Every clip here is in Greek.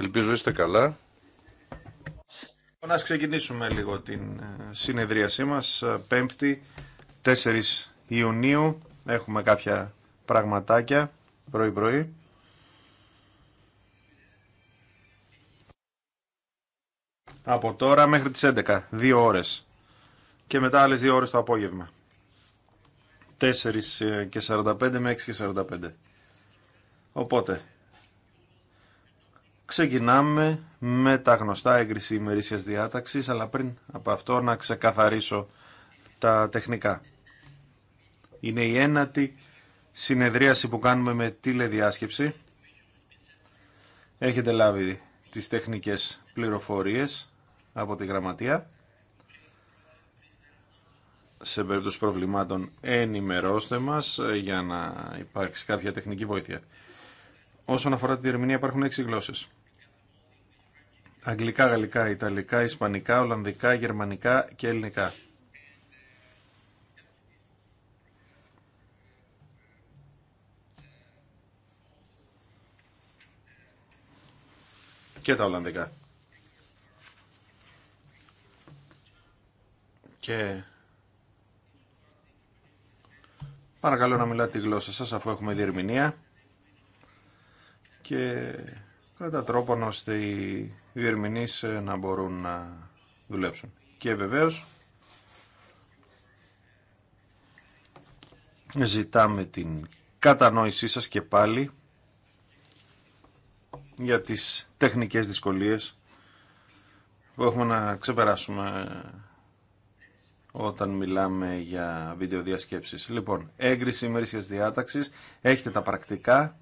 Ελπίζω είστε καλά. Να ξεκινήσουμε λίγο την ε, συνεδρίασή μας. Ε, Πέμπτη, 4 Ιουνίου. Έχουμε κάποια πραγματάκια πρωί-πρωί. Από τώρα μέχρι τις 11, δύο ώρες. Και μετά άλλες δύο ώρες το απόγευμα. 4 ε, και 45 με 6 και 45. Οπότε, Ξεκινάμε με τα γνωστά έγκριση ημερήσιας διάταξης, αλλά πριν από αυτό να ξεκαθαρίσω τα τεχνικά. Είναι η ένατη συνεδρίαση που κάνουμε με τηλεδιάσκεψη. Έχετε λάβει τις τεχνικές πληροφορίες από τη γραμματεία. Σε περίπτωση προβλημάτων ενημερώστε μας για να υπάρξει κάποια τεχνική βοήθεια. Όσον αφορά τη διερμηνία υπάρχουν έξι γλώσσες. Αγγλικά, γαλλικά, ιταλικά, ισπανικά, ολλανδικά, γερμανικά και ελληνικά. Και τα Ολλανδικά. Και παρακαλώ να μιλάτε τη γλώσσα σας αφού έχουμε διερμηνία και κατά τρόπον ώστε οι οι ε, να μπορούν να δουλέψουν. Και βεβαίως ζητάμε την κατανόησή σας και πάλι για τις τεχνικές δυσκολίες που έχουμε να ξεπεράσουμε ε, όταν μιλάμε για βιντεοδιασκέψεις. Λοιπόν, έγκριση ημερήσιας διάταξης, έχετε τα πρακτικά.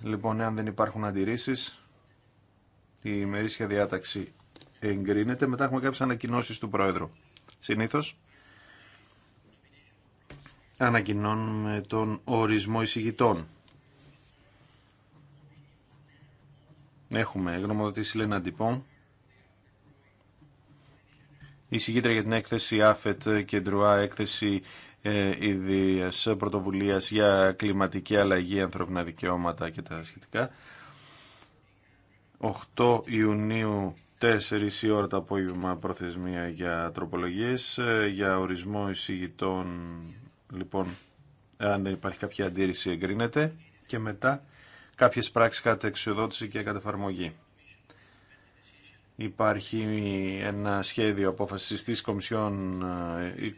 Λοιπόν, εάν δεν υπάρχουν αντιρρήσεις, η ημερήσια διάταξη εγκρίνεται. Μετά έχουμε κάποιες ανακοινώσεις του Πρόεδρου. Συνήθως ανακοινώνουμε τον ορισμό εισηγητών. Έχουμε γνωμοδοτήσει Λένα Η εισηγήτρια για την έκθεση ΑΦΕΤ ΝΤΡΟΑ, έκθεση ε, ιδίας πρωτοβουλίας για κλιματική αλλαγή, ανθρώπινα δικαιώματα και τα σχετικά. 8 Ιουνίου 4 η ώρα το απόγευμα προθεσμία για τροπολογίες, ε, για ορισμό εισηγητών, λοιπόν, αν δεν υπάρχει κάποια αντίρρηση εγκρίνεται και μετά κάποιες πράξεις κατά εξοδότηση και κατά εφαρμογή. Υπάρχει ένα σχέδιο απόφασης της Κομισιόν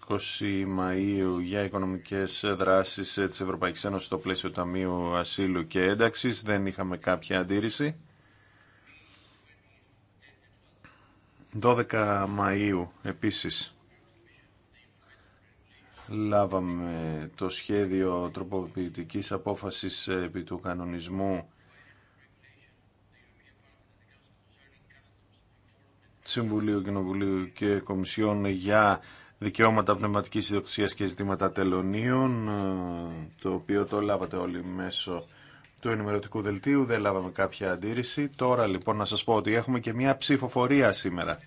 20 ε, Μαΐου για οικονομικές δράσεις ε, της Ευρωπαϊκής Ένωσης στο πλαίσιο Ταμείου Ασύλου και Ένταξης. Δεν είχαμε κάποια αντίρρηση. 12 Μαΐου επίσης λάβαμε το σχέδιο τροποποιητικής απόφασης ε, επί του κανονισμού Συμβουλίου, Κοινοβουλίου και Κομισιόν για δικαιώματα πνευματικής ιδιοκτησίας και ζητήματα τελωνίων, ε, το οποίο το λάβατε όλοι μέσω του ενημερωτικού δελτίου, δεν λάβαμε κάποια αντίρρηση. Τώρα λοιπόν να σας πω ότι έχουμε και μια ψηφοφορία σήμερα.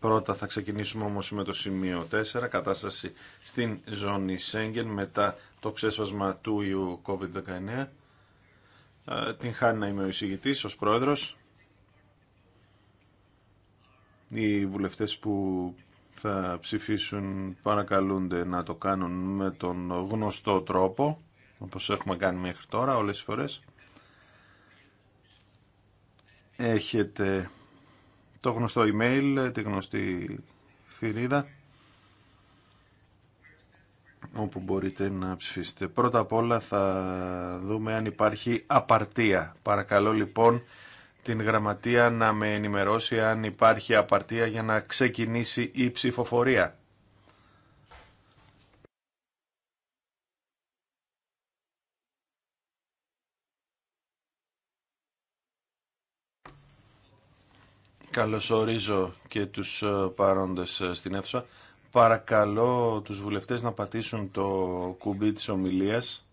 Πρώτα θα ξεκινήσουμε όμως με το σημείο 4, κατάσταση στην ζώνη Σέγγεν μετά το ξέσπασμα του ιού COVID-19. Ε, την χάνει να είμαι ο εισηγητής, ως πρόεδρος. Οι βουλευτές που θα ψηφίσουν παρακαλούνται να το κάνουν με τον γνωστό τρόπο, όπως έχουμε κάνει μέχρι τώρα όλες τις φορές. Έχετε το γνωστό email, τη γνωστή φυρίδα όπου μπορείτε να ψηφίσετε. Πρώτα απ' όλα θα δούμε αν υπάρχει απαρτία. Παρακαλώ λοιπόν την γραμματεία να με ενημερώσει αν υπάρχει απαρτία για να ξεκινήσει η ψηφοφορία. Καλωσορίζω και τους ε, παρόντες ε, στην αίθουσα. Παρακαλώ τους βουλευτές να πατήσουν το κουμπί της ομιλίας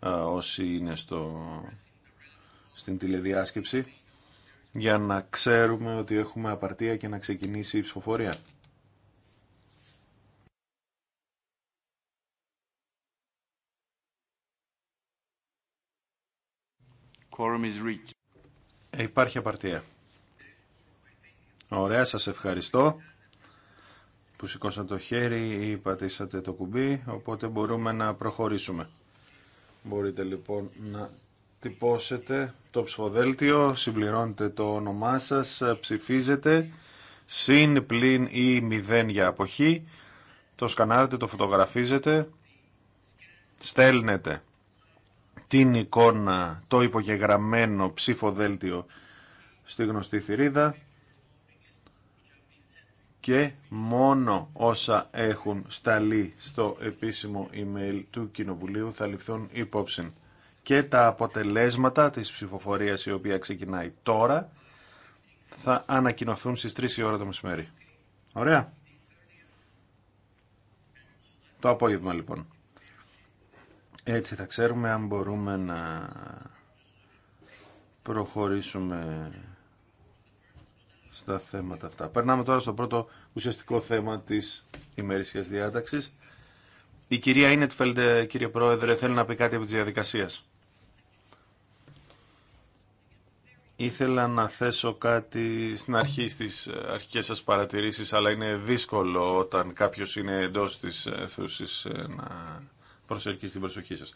ε, όσοι είναι στο... στην τηλεδιάσκεψη για να ξέρουμε ότι έχουμε απαρτία και να ξεκινήσει η ψηφοφορία. Ε, υπάρχει απαρτία. Ωραία, σας ευχαριστώ που σηκώσατε το χέρι ή πατήσατε το κουμπί, οπότε μπορούμε να προχωρήσουμε. Μπορείτε λοιπόν να τυπώσετε το ψηφοδέλτιο, συμπληρώνετε το όνομά σας, ψηφίζετε, συν, πλην ή μηδέν για αποχή, το σκανάρετε, το φωτογραφίζετε, στέλνετε την εικόνα, το υπογεγραμμένο ψηφοδέλτιο στη γνωστή θηρίδα και μόνο όσα έχουν σταλεί στο επίσημο email του Κοινοβουλίου θα ληφθούν υπόψη και τα αποτελέσματα της ψηφοφορίας η οποία ξεκινάει τώρα θα ανακοινωθούν στις 3 η ώρα το μεσημέρι. Ωραία. Το απόγευμα λοιπόν. Έτσι θα ξέρουμε αν μπορούμε να προχωρήσουμε στα θέματα αυτά. Περνάμε τώρα στο πρώτο ουσιαστικό θέμα της ημερήσιας διάταξης. Η κυρία Ίνετφελντ, κύριε Πρόεδρε, θέλει να πει κάτι από τις διαδικασίες. Ήθελα να θέσω κάτι στην αρχή στις ε, αρχικές σας παρατηρήσεις, αλλά είναι δύσκολο όταν κάποιος είναι εντός της αίθουσης ε, να προσελκύσει την προσοχή σας.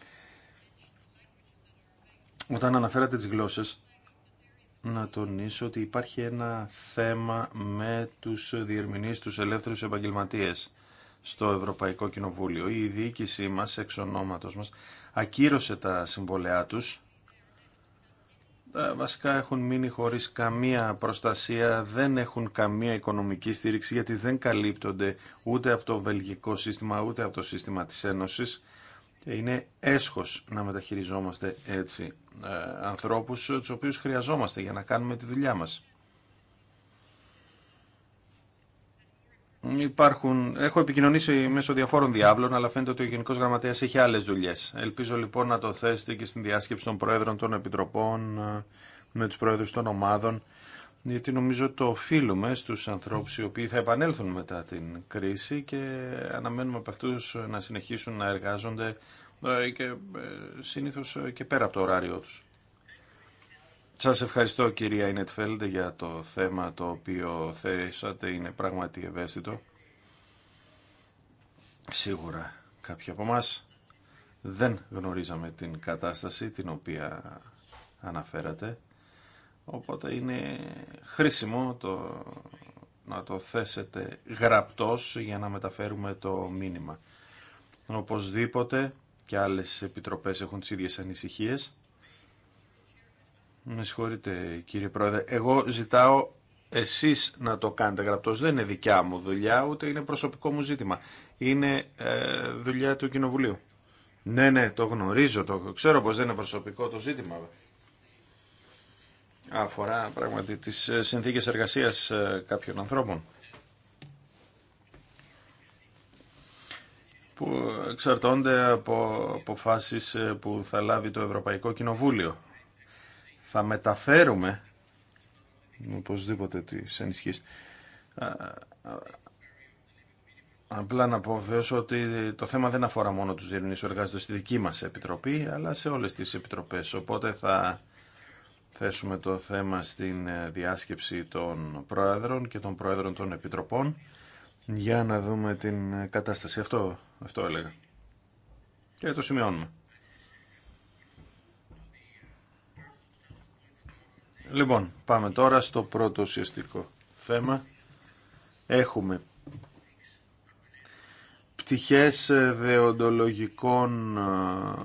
Όταν αναφέρατε τις γλώσσες, να τονίσω ότι υπάρχει ένα θέμα με τους διερμηνείς, τους ελεύθερους επαγγελματίες στο Ευρωπαϊκό Κοινοβούλιο. Η διοίκησή μας, εξ ονόματος μας, ακύρωσε τα συμβολεά τους βασικά έχουν μείνει χωρίς καμία προστασία, δεν έχουν καμία οικονομική στήριξη γιατί δεν καλύπτονται ούτε από το βελγικό σύστημα ούτε από το σύστημα της Ένωσης. Είναι έσχος να μεταχειριζόμαστε έτσι ε, ανθρώπους τους οποίους χρειαζόμαστε για να κάνουμε τη δουλειά μας. Υπάρχουν, έχω επικοινωνήσει μέσω διαφόρων διάβλων, αλλά φαίνεται ότι ο Γενικό Γραμματέα έχει άλλε δουλειέ. Ελπίζω λοιπόν να το θέσετε και στην διάσκεψη των Προέδρων των Επιτροπών, ε, με του Προέδρου των Ομάδων, γιατί νομίζω το οφείλουμε στου ανθρώπου οι οποίοι θα επανέλθουν μετά την κρίση και αναμένουμε από αυτού να συνεχίσουν να εργάζονται ε, και ε, συνήθω και πέρα από το ωράριό του. Σας ευχαριστώ κυρία Ινετφέλντ για το θέμα το οποίο θέσατε. Είναι πράγματι ευαίσθητο. Σίγουρα κάποιοι από εμά δεν γνωρίζαμε την κατάσταση την οποία αναφέρατε. Οπότε είναι χρήσιμο το να το θέσετε γραπτός για να μεταφέρουμε το μήνυμα. Οπωσδήποτε και άλλες επιτροπές έχουν τις ίδιες ανησυχίες με συγχωρείτε κύριε Πρόεδρε. Εγώ ζητάω εσείς να το κάνετε γραπτό. Δεν είναι δικιά μου δουλειά, ούτε είναι προσωπικό μου ζήτημα. Είναι ε, δουλειά του Κοινοβουλίου. Ναι, ναι, το γνωρίζω, το ξέρω πως δεν είναι προσωπικό το ζήτημα. Αφορά πράγματι τις ε, συνθήκες εργασίας ε, κάποιων ανθρώπων. που εξαρτώνται από αποφάσεις που θα λάβει το Ευρωπαϊκό Κοινοβούλιο θα μεταφέρουμε οπωσδήποτε τις ενισχύσεις. Απλά να πω βεβαίω ότι το θέμα δεν αφορά μόνο τους διερμηνείς στη δική μας επιτροπή, αλλά σε όλες τις επιτροπές. Οπότε θα θέσουμε το θέμα στην ε, διάσκεψη των πρόεδρων και των πρόεδρων των επιτροπών για να δούμε την ε, κατάσταση. Αυτό, αυτό έλεγα. Και το σημειώνουμε. Λοιπόν, πάμε τώρα στο πρώτο ουσιαστικό θέμα. Έχουμε πτυχές ε, δεοντολογικών ε,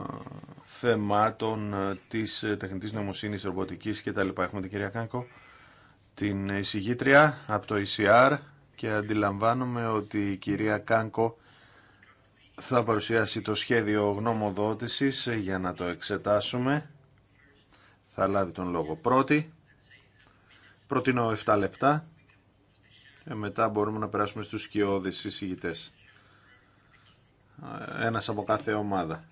θεμάτων ε, της τεχνητής νομοσύνης, ρομποτικής λοιπά Έχουμε την κυρία Κάνκο, την εισηγήτρια από το ECR και αντιλαμβάνομαι ότι η κυρία Κάνκο θα παρουσιάσει το σχέδιο γνωμοδότησης για να το εξετάσουμε. Θα λάβει τον λόγο πρώτη. Προτείνω 7 λεπτά και μετά μπορούμε να περάσουμε στους σκιώδεις εισηγητές. Ένας από κάθε ομάδα.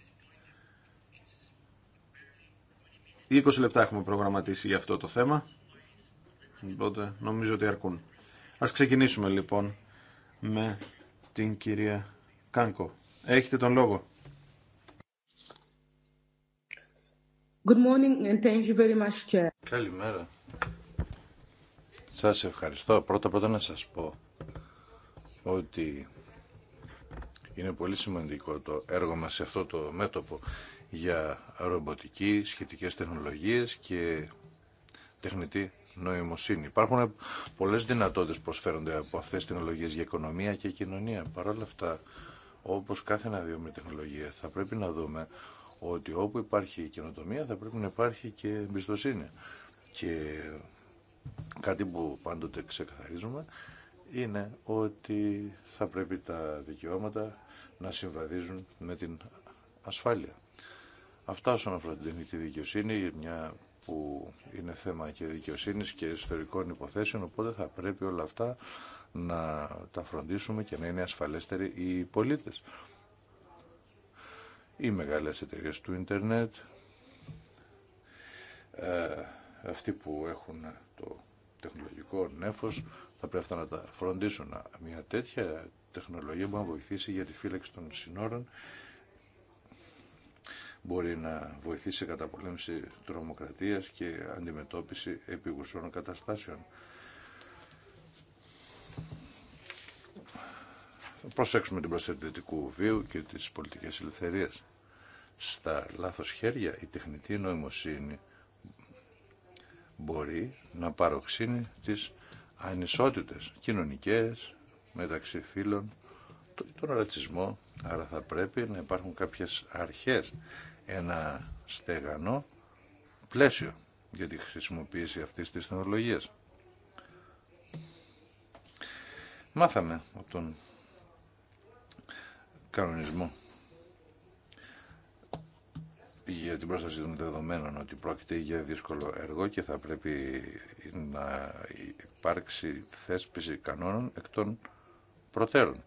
20 λεπτά έχουμε προγραμματίσει για αυτό το θέμα. Οπότε νομίζω ότι αρκούν. Ας ξεκινήσουμε λοιπόν με την κυρία Κάνκο. Έχετε τον λόγο. Good morning and thank you very much, Καλημέρα. Σας ευχαριστώ. Πρώτα πρώτα να σας πω ότι είναι πολύ σημαντικό το έργο μας σε αυτό το μέτωπο για ρομποτική, σχετικές τεχνολογίες και τεχνητή νοημοσύνη. Υπάρχουν πολλές δυνατότητες που προσφέρονται από αυτές τις τεχνολογίες για οικονομία και κοινωνία. Παρ' όλα αυτά, όπως κάθε με τεχνολογία, θα πρέπει να δούμε ότι όπου υπάρχει καινοτομία θα πρέπει να υπάρχει και εμπιστοσύνη. Και Κάτι που πάντοτε ξεκαθαρίζουμε είναι ότι θα πρέπει τα δικαιώματα να συμβαδίζουν με την ασφάλεια. Αυτά όσον αφορά την δικαιοσύνη, μια που είναι θέμα και δικαιοσύνη και ιστορικών υποθέσεων, οπότε θα πρέπει όλα αυτά να τα φροντίσουμε και να είναι ασφαλέστεροι οι πολίτες. Οι μεγάλες εταιρείες του ίντερνετ, ε, αυτοί που έχουν το τεχνολογικό νέφος θα πρέπει αυτά να τα φροντίσουν. Μια τέτοια τεχνολογία μπορεί να βοηθήσει για τη φύλαξη των συνόρων, μπορεί να βοηθήσει καταπολέμηση τρομοκρατίας και αντιμετώπιση επιγουσών καταστάσεων. Προσέξουμε την προσερτητικού βίου και τις πολιτικές ελευθερίες. Στα λάθος χέρια η τεχνητή νοημοσύνη μπορεί να παροξύνει τις ανισότητες κοινωνικές, μεταξύ φίλων, τον ρατσισμό. Άρα θα πρέπει να υπάρχουν κάποιες αρχές, ένα στεγανό πλαίσιο για τη χρησιμοποίηση αυτής της τεχνολογίας. Μάθαμε από τον κανονισμό για την πρόσταση των δεδομένων ότι πρόκειται για δύσκολο έργο και θα πρέπει να υπάρξει θέσπιση κανόνων εκ των προτέρων.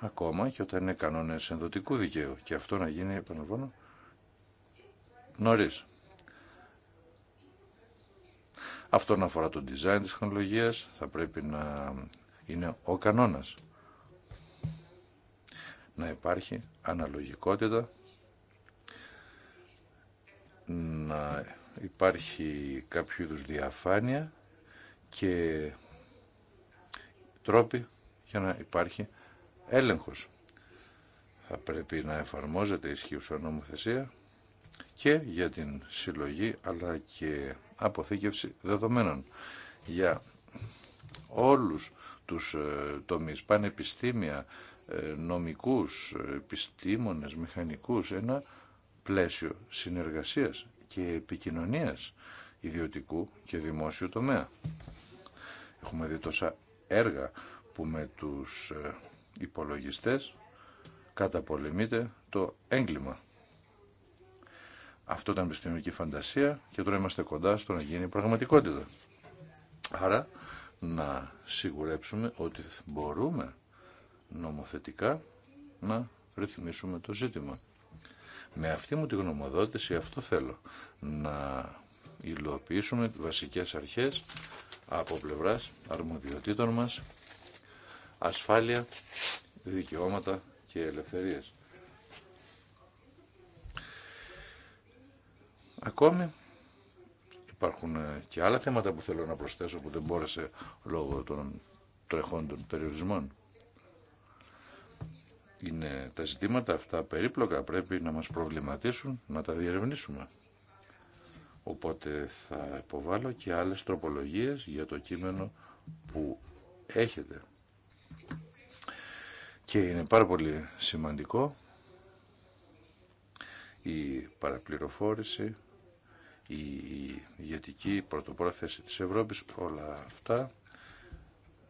Ακόμα και όταν είναι κανόνες ενδοτικού δικαίου και αυτό να γίνει επαναλαμβάνω νωρίς. Αυτό να αφορά το design της τεχνολογίας θα πρέπει να είναι ο κανόνας. Να υπάρχει αναλογικότητα να υπάρχει κάποιο είδους διαφάνεια και τρόποι για να υπάρχει έλεγχος. Θα πρέπει να εφαρμόζεται ισχύουσα νομοθεσία και για την συλλογή αλλά και αποθήκευση δεδομένων για όλους τους ε, τομείς, πανεπιστήμια, ε, νομικούς, ε, επιστήμονες, μηχανικούς, ένα πλαίσιο συνεργασίας και επικοινωνίας ιδιωτικού και δημόσιου τομέα. Έχουμε δει τόσα έργα που με τους ε, υπολογιστές καταπολεμείται το έγκλημα. Αυτό ήταν επιστημονική φαντασία και τώρα είμαστε κοντά στο να γίνει πραγματικότητα. Άρα να σιγουρέψουμε ότι μπορούμε νομοθετικά να ρυθμίσουμε το ζήτημα. Με αυτή μου τη γνωμοδότηση αυτό θέλω να υλοποιήσουμε βασικές αρχές από πλευράς αρμοδιοτήτων μας, ασφάλεια, δικαιώματα και ελευθερίες. Ακόμη υπάρχουν και άλλα θέματα που θέλω να προσθέσω που δεν μπόρεσε λόγω των τρεχόντων περιορισμών. Είναι τα ζητήματα αυτά περίπλοκα, πρέπει να μας προβληματίσουν, να τα διερευνήσουμε. Οπότε θα υποβάλω και άλλες τροπολογίες για το κείμενο που έχετε. Και είναι πάρα πολύ σημαντικό η παραπληροφόρηση, η ηγετική πρωτοπρόθεση της Ευρώπης, όλα αυτά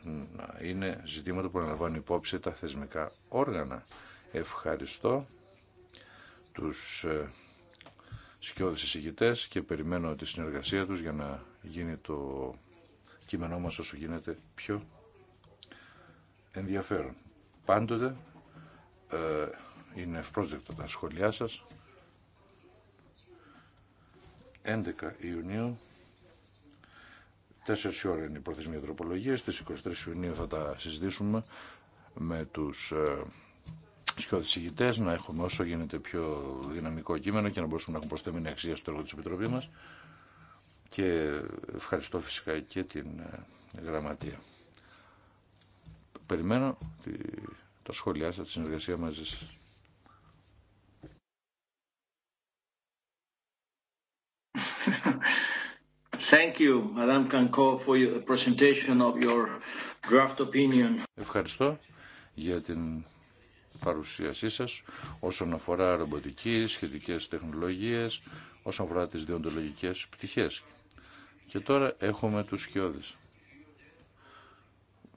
να είναι ζητήματα που αναλαμβάνουν υπόψη τα θεσμικά όργανα. Ευχαριστώ τους ε, σκιώδες εισηγητές και περιμένω τη συνεργασία τους για να γίνει το κείμενό μας όσο γίνεται πιο ενδιαφέρον. Πάντοτε ε, είναι ευπρόσδεκτα τα σχόλιά σας. 11 Ιουνίου Τέσσερις ώρε είναι η προθεσμία τροπολογία. Στις 23 Ιουνίου θα τα συζητήσουμε με τους ε, ηγητές, να έχουμε όσο γίνεται πιο δυναμικό κείμενο και να μπορούμε να έχουμε προσθέμενη αξία στο έργο της Επιτροπής μας. Και ευχαριστώ φυσικά και την ε, γραμματεία. Περιμένω τα σχόλιά σας, τη συνεργασία μαζί σα. Thank you, for your presentation of your draft opinion. Ευχαριστώ για την παρουσίασή σας όσον αφορά ρομποτική, σχετικές τεχνολογίες, όσον αφορά τις διοντολογικές πτυχές. Και τώρα έχουμε τους σκιώδες.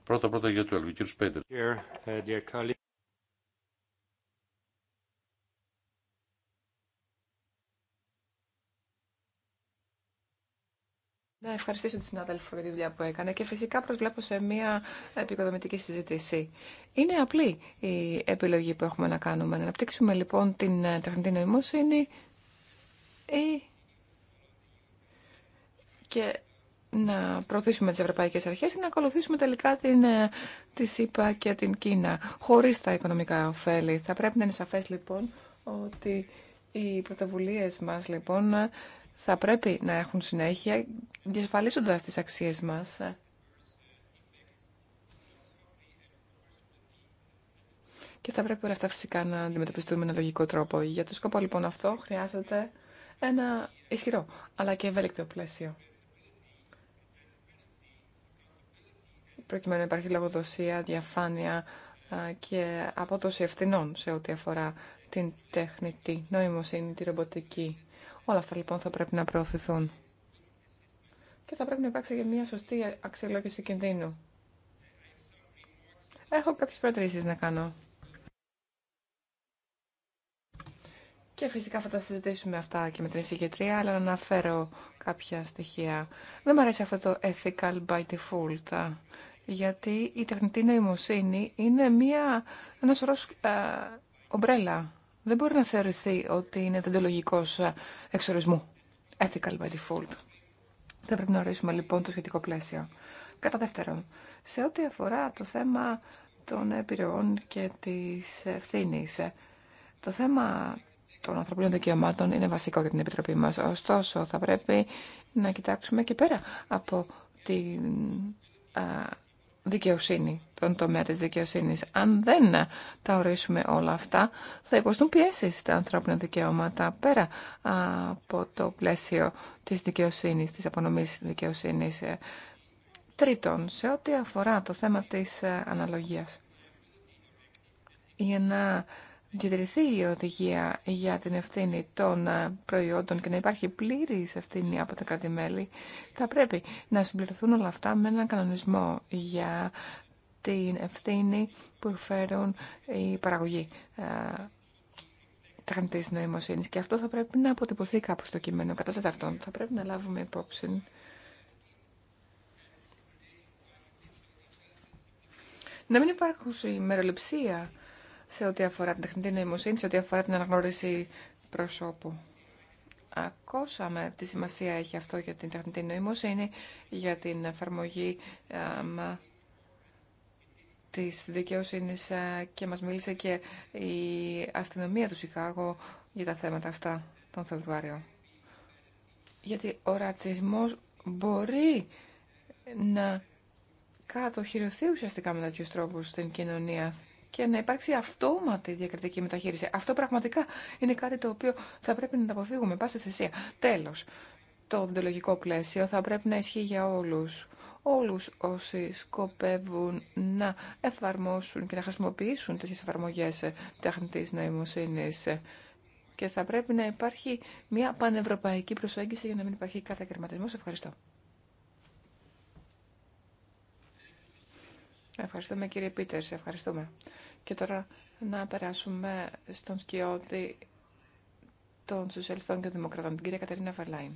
Πρώτα-πρώτα για το Αλγικύρους Πέτερ. να ευχαριστήσω τη συνάδελφο για τη δουλειά που έκανε και φυσικά προσβλέπω σε μια επικοδομητική συζήτηση. Είναι απλή η επιλογή που έχουμε να κάνουμε. Να αναπτύξουμε λοιπόν την ε, τεχνητή νοημοσύνη ή... και να προωθήσουμε τις ευρωπαϊκές αρχές ή να ακολουθήσουμε τελικά την, ε, τη ΣΥΠΑ και την Κίνα χωρίς τα οικονομικά ωφέλη. Θα πρέπει να είναι σαφές λοιπόν ότι οι πρωτοβουλίες μας λοιπόν θα πρέπει να έχουν συνέχεια, διασφαλίζοντας τις αξίες μας. Και θα πρέπει όλα αυτά φυσικά να αντιμετωπιστούν με ένα λογικό τρόπο. Για το σκοπό λοιπόν αυτό χρειάζεται ένα ισχυρό αλλά και ευέλικτο πλαίσιο. Προκειμένου να υπάρχει λογοδοσία, διαφάνεια και απόδοση ευθυνών σε ό,τι αφορά την τεχνητή νοημοσύνη, τη ρομποτική Όλα αυτά λοιπόν θα πρέπει να προωθηθούν. Και θα πρέπει να υπάρξει και μια σωστή αξιολόγηση κινδύνου. Έχω κάποιες προτρήσει να κάνω. Και φυσικά θα τα συζητήσουμε αυτά και με την εισηγητρία, αλλά να αναφέρω κάποια στοιχεία. Δεν μου αρέσει αυτό το ethical by default, γιατί η τεχνητή νοημοσύνη είναι μια, ένα σωρό ε, ομπρέλα δεν μπορεί να θεωρηθεί ότι είναι δεντολογικό ε, εξορισμού. Ethical by default. Θα πρέπει να ορίσουμε λοιπόν το σχετικό πλαίσιο. Κατά δεύτερον, σε ό,τι αφορά το θέμα των επιρροών και τη ευθύνη. Ε, το θέμα των ανθρωπίνων δικαιωμάτων είναι βασικό για την Επιτροπή μα, Ωστόσο, θα πρέπει να κοιτάξουμε και πέρα από την δικαιοσύνη τον τομέα της δικαιοσύνης. Αν δεν τα ορίσουμε όλα αυτά, θα υποστούν πιέσεις τα ανθρώπινα δικαιώματα πέρα από το πλαίσιο της δικαιοσύνης, της απονομής δικαιοσύνης. Τρίτον, σε ό,τι αφορά το θέμα της αναλογίας. Για να διατηρηθεί η οδηγία για την ευθύνη των προϊόντων και να υπάρχει πλήρης ευθύνη από τα κρατη θα πρέπει να συμπληρωθούν όλα αυτά με έναν κανονισμό για την ευθύνη που φέρουν οι παραγωγοί ε, τεχνητή νοημοσύνη. Και αυτό θα πρέπει να αποτυπωθεί κάπου στο κείμενο. Κατά τέταρτον, θα πρέπει να λάβουμε υπόψη να μην υπάρχει μεροληψία σε ό,τι αφορά την τεχνητή νοημοσύνη, σε ό,τι αφορά την αναγνώριση προσώπου. Ακούσαμε τι σημασία έχει αυτό για την τεχνητή νοημοσύνη, για την εφαρμογή ε, της δικαιοσύνη ε, και μας μίλησε και η αστυνομία του Σικάγο για τα θέματα αυτά τον Φεβρουάριο. Γιατί ο ρατσισμός μπορεί να κατοχυρωθεί ουσιαστικά με τέτοιου τρόπου στην κοινωνία και να υπάρξει αυτόματη διακριτική μεταχείριση. Αυτό πραγματικά είναι κάτι το οποίο θα πρέπει να τα αποφύγουμε. Πάση θυσία. Τέλος, το οντολογικό πλαίσιο θα πρέπει να ισχύει για όλους. Όλους όσοι σκοπεύουν να εφαρμόσουν και να χρησιμοποιήσουν τέτοιες εφαρμογές τεχνητής νοημοσύνης και θα πρέπει να υπάρχει μια πανευρωπαϊκή προσέγγιση για να μην υπάρχει κατακαιρματισμός. Ευχαριστώ. Ευχαριστούμε κύριε Πίτερς, ευχαριστούμε. Και τώρα να περάσουμε στον σκιώτη των Σοσιαλιστών και Δημοκρατών, την κυρία Κατερίνα Βαρλάιν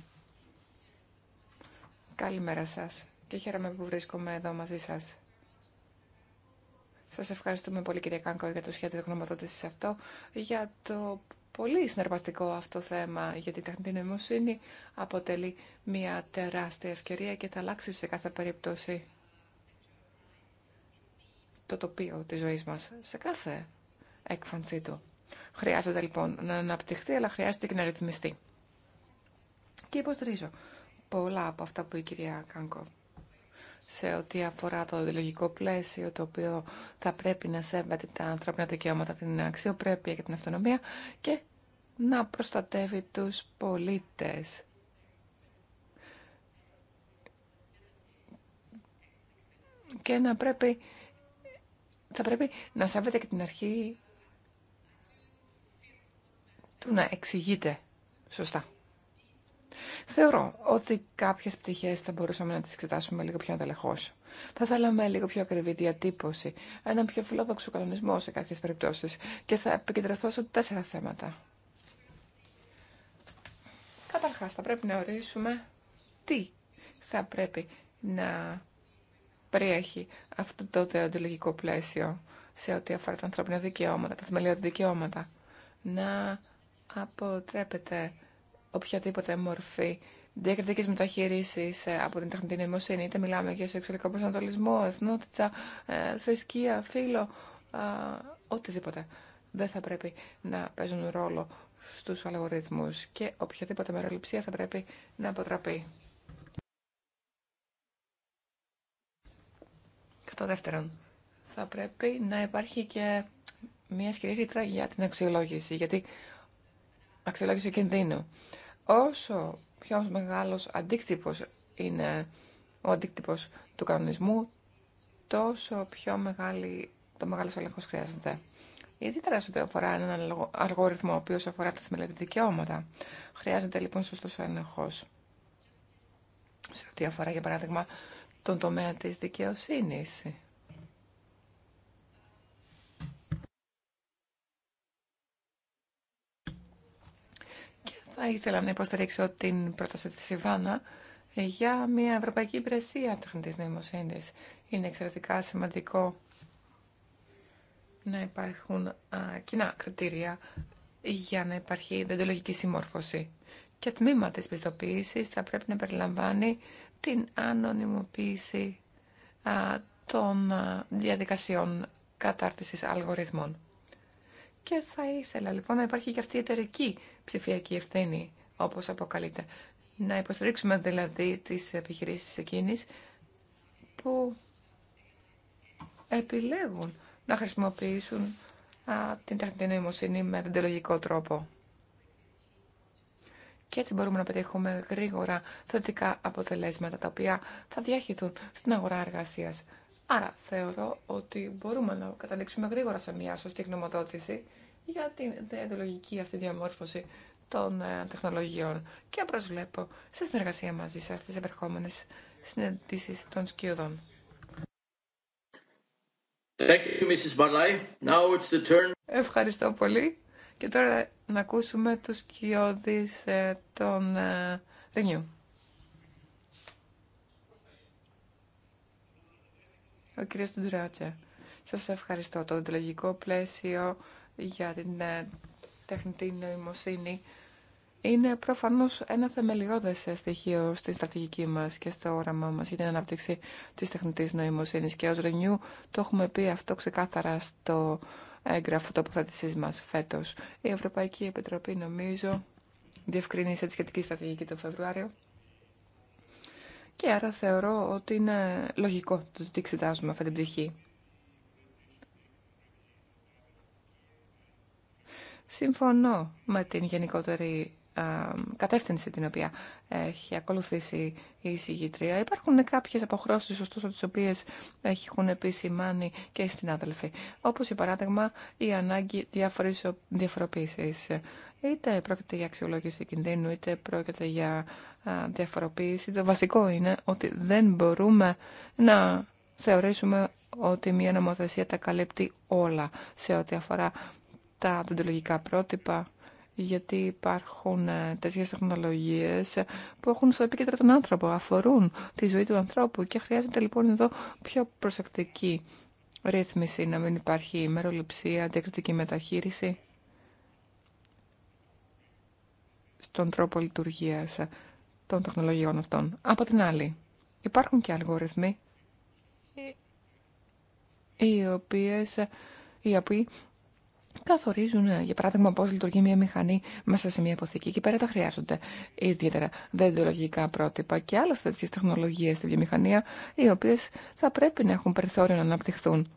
Καλημέρα σας και χαίρομαι που βρίσκομαι εδώ μαζί σας. Σας ευχαριστούμε πολύ κυρία Κάνκο για το σχέδιο γνωματότησης αυτό, για το πολύ συναρπαστικό αυτό θέμα, γιατί η τεχνητή νοημοσύνη αποτελεί μια τεράστια ευκαιρία και θα αλλάξει σε κάθε περίπτωση το τοπίο της ζωής μας, σε κάθε έκφανσή του. Χρειάζεται λοιπόν να αναπτυχθεί, αλλά χρειάζεται και να ρυθμιστεί. Και υποστηρίζω πολλά από αυτά που η κυρία Κάνκο σε ό,τι αφορά το ιδεολογικό πλαίσιο το οποίο θα πρέπει να σέβεται τα ανθρώπινα δικαιώματα, την αξιοπρέπεια και την αυτονομία και να προστατεύει τους πολίτες. Και να πρέπει, θα πρέπει να σέβεται και την αρχή του να εξηγείται σωστά. Θεωρώ ότι κάποιε πτυχέ θα μπορούσαμε να τι εξετάσουμε λίγο πιο ανταλλαχώ. Θα θέλαμε λίγο πιο ακριβή διατύπωση, έναν πιο φιλόδοξο κανονισμό σε κάποιε περιπτώσει και θα επικεντρωθώ σε τέσσερα θέματα. Καταρχάς, θα πρέπει να ορίσουμε τι θα πρέπει να περιέχει αυτό το δεοντολογικό πλαίσιο σε ό,τι αφορά τα ανθρώπινα δικαιώματα, τα θεμελιώδη δικαιώματα. Να αποτρέπεται οποιαδήποτε μορφή διακριτική μεταχείριση ε, από την τεχνητή νοημοσύνη, είτε μιλάμε για σεξουαλικό προσανατολισμό, εθνότητα, ε, θρησκεία, φύλλο, ε, οτιδήποτε. Δεν θα πρέπει να παίζουν ρόλο στους αλγοριθμούς και οποιαδήποτε μεροληψία θα πρέπει να αποτραπεί. Κατά δεύτερον, θα πρέπει να υπάρχει και μια σκληρή ρήτρα για την αξιολόγηση, γιατί αξιολόγηση κινδύνου όσο πιο μεγάλος αντίκτυπος είναι ο αντίκτυπος του κανονισμού, τόσο πιο μεγάλη, το μεγάλο έλεγχο χρειάζεται. Ιδιαίτερα σε ό,τι αφορά έναν αργόριθμο ο οποίο αφορά τα θεμελιώδη δικαιώματα. Χρειάζεται λοιπόν σωστό έλεγχο. Σε ό,τι αφορά, για παράδειγμα, τον τομέα τη δικαιοσύνη. Θα ήθελα να υποστηρίξω την πρόταση της Ιβάνα για μια ευρωπαϊκή υπηρεσία τεχνητής νοημοσύνης. Είναι εξαιρετικά σημαντικό να υπάρχουν α, κοινά κριτήρια για να υπάρχει δεντολογική συμμόρφωση. Και τμήμα της πιστοποίησης θα πρέπει να περιλαμβάνει την ανωνυμοποίηση των διαδικασιών κατάρτισης αλγοριθμών. Και θα ήθελα λοιπόν να υπάρχει και αυτή η εταιρική ψηφιακή ευθύνη, όπως αποκαλείται. Να υποστηρίξουμε δηλαδή τις επιχειρήσει εκείνης που επιλέγουν να χρησιμοποιήσουν την τεχνητή νοημοσύνη με δεντελογικό τρόπο. Και έτσι μπορούμε να πετύχουμε γρήγορα θετικά αποτελέσματα, τα οποία θα διάχυθουν στην αγορά εργασίας. Άρα θεωρώ ότι μπορούμε να καταλήξουμε γρήγορα σε μια σωστή γνωμοδότηση για την εντολογική αυτή διαμόρφωση των ε, τεχνολογιών και προσβλέπω σε συνεργασία μαζί σας τις επερχόμενες συναντήσεις των σκιωδών. Ευχαριστώ πολύ και τώρα να ακούσουμε τους σκιώδεις ε, των Ρενιού. Ο κ. Τουντουράτσε, σας ευχαριστώ. Το οντολογικό πλαίσιο για την ε, τεχνητή νοημοσύνη είναι προφανώς ένα θεμελιώδες στοιχείο στη στρατηγική μας και στο όραμά μας για την ανάπτυξη της τεχνητής νοημοσύνης και ως Ρενιού το έχουμε πει αυτό ξεκάθαρα στο έγγραφο τοποθέτησή μας φέτος. Η Ευρωπαϊκή Επιτροπή νομίζω διευκρίνησε τη σχετική στρατηγική το Φεβρουάριο και άρα θεωρώ ότι είναι λογικό το ότι εξετάζουμε αυτή την πτυχή. Συμφωνώ με την γενικότερη κατεύθυνση την οποία έχει ακολουθήσει η συγγητρία. Υπάρχουν κάποιες αποχρώσεις, ωστόσο, τις οποίες έχουν επισημάνει και στην αδελφή. Όπως, για παράδειγμα, η ανάγκη διαφοροποίησης. Είτε πρόκειται για αξιολόγηση κινδύνου, είτε πρόκειται για διαφοροποίηση. Το βασικό είναι ότι δεν μπορούμε να θεωρήσουμε ότι μια νομοθεσία τα καλύπτει όλα σε ό,τι αφορά τα δοντολογικά πρότυπα, γιατί υπάρχουν ε, τέτοιες τεχνολογίες που έχουν στο επίκεντρο τον άνθρωπο, αφορούν τη ζωή του ανθρώπου και χρειάζεται λοιπόν εδώ πιο προσεκτική ρύθμιση, να μην υπάρχει ημεροληψία, αντικριτική μεταχείριση στον τρόπο λειτουργίας των τεχνολογιών αυτών. Από την άλλη, υπάρχουν και αλγοριθμοί οι οποίες οι οποίοι καθορίζουν, ε, για παράδειγμα, πώ λειτουργεί μια μηχανή μέσα σε μια υποθήκη. Εκεί πέρα τα χρειάζονται ιδιαίτερα δεντρολογικά πρότυπα και άλλε τέτοιε τεχνολογίε στη βιομηχανία, οι οποίε θα πρέπει να έχουν περιθώριο να αναπτυχθούν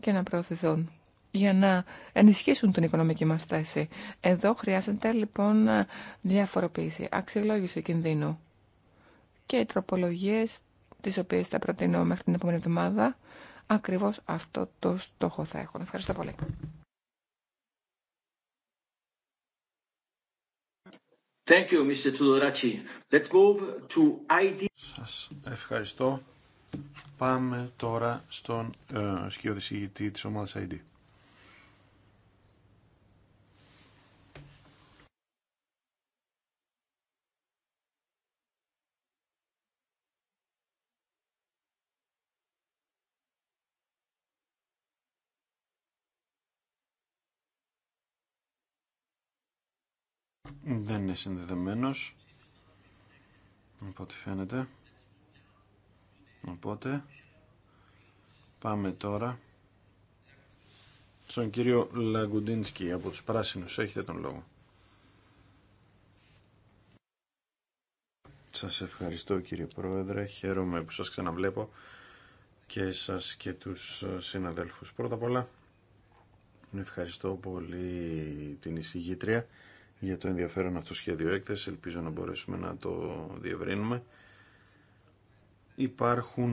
και να προωθηθούν για να ενισχύσουν την οικονομική μας θέση. Εδώ χρειάζεται λοιπόν ε, διαφοροποίηση, αξιολόγηση κινδύνου και οι τροπολογίες τις οποίες θα προτείνω μέχρι την επόμενη εβδομάδα ακριβώς αυτό το στόχο θα έχουν. Ευχαριστώ πολύ. Thank you, Mr. Tudorachi. Let's move to ID. Σας ευχαριστώ. Πάμε τώρα στον ε, σκιοδησηγητή της ομάδας ID. Δεν είναι συνδεδεμένος από ό,τι φαίνεται. Οπότε πάμε τώρα στον κύριο Λαγκουντίνσκι από τους Πράσινους. Έχετε τον λόγο. Σας ευχαριστώ κύριε Πρόεδρε. Χαίρομαι που σας ξαναβλέπω και σας και τους συναδέλφους. Πρώτα απ' όλα ευχαριστώ πολύ την εισηγήτρια για το ενδιαφέρον αυτό σχέδιο έκθεση. Ελπίζω να μπορέσουμε να το διευρύνουμε. Υπάρχουν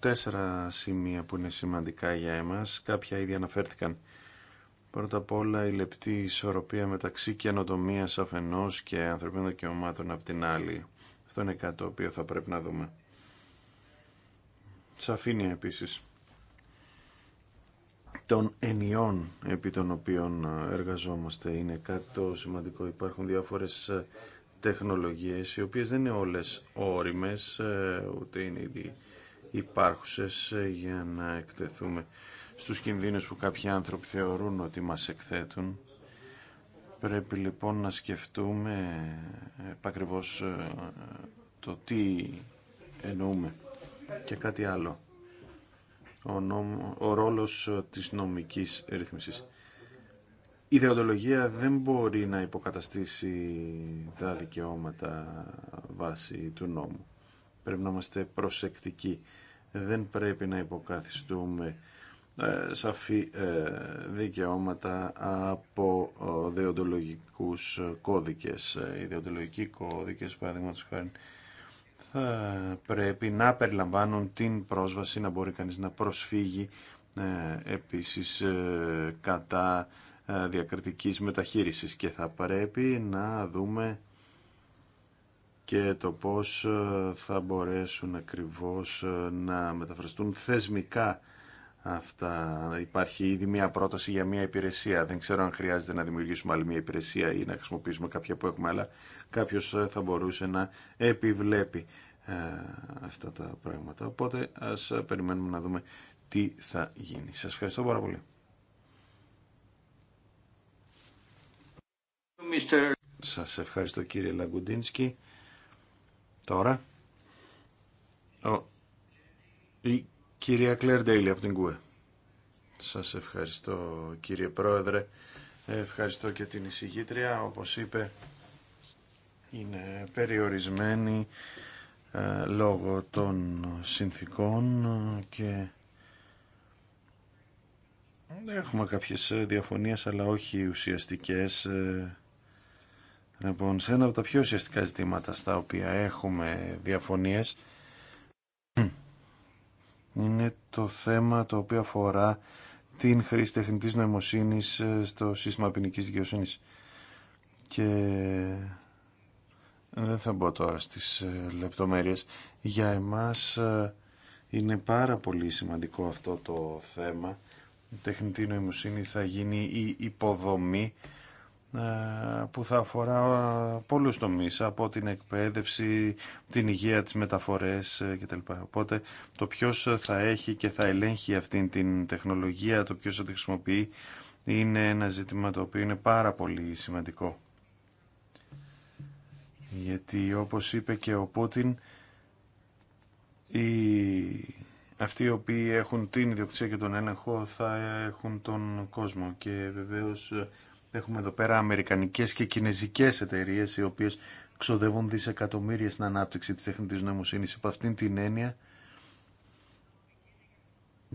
τέσσερα σημεία που είναι σημαντικά για εμάς. Κάποια ήδη αναφέρθηκαν. Πρώτα απ' όλα η λεπτή ισορροπία μεταξύ καινοτομία αφενός και ανθρωπίνων δικαιωμάτων απ' την άλλη. Αυτό είναι κάτι το οποίο θα πρέπει να δούμε. Σαφήνεια επίσης των ενιών επί των οποίων ε, εργαζόμαστε είναι κάτι το σημαντικό. Υπάρχουν διάφορες ε, τεχνολογίες οι οποίες δεν είναι όλες όριμες ε, ούτε είναι ήδη υπάρχουσες για να εκτεθούμε στους κινδύνους που κάποιοι άνθρωποι θεωρούν ότι μας εκθέτουν. Πρέπει λοιπόν να σκεφτούμε ακριβώ το τι εννοούμε και κάτι άλλο ο, ο ρόλος ε, της νομικής ρύθμισης. Η ιδεολογία δεν μπορεί να υποκαταστήσει τα δικαιώματα βάσει του νόμου. Πρέπει να είμαστε προσεκτικοί. Δεν πρέπει να υποκαθιστούμε ε, σαφή ε, δικαιώματα από δεοντολογικούς κώδικες. Οι δεοντολογικοί κώδικες, παραδείγματος χάρη, θα πρέπει να περιλαμβάνουν την πρόσβαση, να μπορεί κανείς να προσφύγει ε, επίσης ε, κατά ε, διακριτικής μεταχείρισης και θα πρέπει να δούμε και το πώς θα μπορέσουν ακριβώς να μεταφραστούν θεσμικά αυτά. Υπάρχει ήδη μια πρόταση για μια υπηρεσία. Δεν ξέρω αν χρειάζεται να δημιουργήσουμε άλλη μια υπηρεσία ή να χρησιμοποιήσουμε κάποια που έχουμε, αλλά κάποιος ε, θα μπορούσε να επιβλέπει ε, αυτά τα πράγματα. Οπότε ας ε, περιμένουμε να δούμε τι θα γίνει. Σας ευχαριστώ πάρα πολύ. Σας ευχαριστώ κύριε Λαγκουντίνσκι. Τώρα, ο, Κυρία Κλέρ Ντέιλι από την ΚΟΕ. Σας ευχαριστώ κύριε Πρόεδρε. Ευχαριστώ και την εισηγήτρια. Όπως είπε, είναι περιορισμένη ε, λόγω των συνθήκων και έχουμε κάποιες διαφωνίες αλλά όχι ουσιαστικές. Ε, λοιπόν, σε ένα από τα πιο ουσιαστικά ζητήματα στα οποία έχουμε διαφωνίες είναι το θέμα το οποίο αφορά την χρήση τεχνητής νοημοσύνης ε, στο σύστημα ποινική δικαιοσύνη. Και δεν θα μπω τώρα στις ε, λεπτομέρειες. Για εμάς ε, είναι πάρα πολύ σημαντικό αυτό το θέμα. Η τεχνητή νοημοσύνη θα γίνει η υποδομή ε, που θα αφορά ε, πολλούς τομείς, από την εκπαίδευση, την υγεία, τις μεταφορές ε, κτλ. Οπότε το ποιος θα έχει και θα ελέγχει αυτήν την τεχνολογία, το ποιος θα τη χρησιμοποιεί, είναι ένα ζήτημα το οποίο είναι πάρα πολύ σημαντικό. Γιατί όπως είπε και ο Πούτιν, οι... αυτοί οι οποίοι έχουν την ιδιοκτησία και τον έλεγχο θα έχουν τον κόσμο και βεβαίως Έχουμε εδώ πέρα αμερικανικές και κινέζικες εταιρείε, οι οποίες ξοδεύουν δισεκατομμύρια στην ανάπτυξη της τεχνητής νοημοσύνης. Υπό αυτήν την έννοια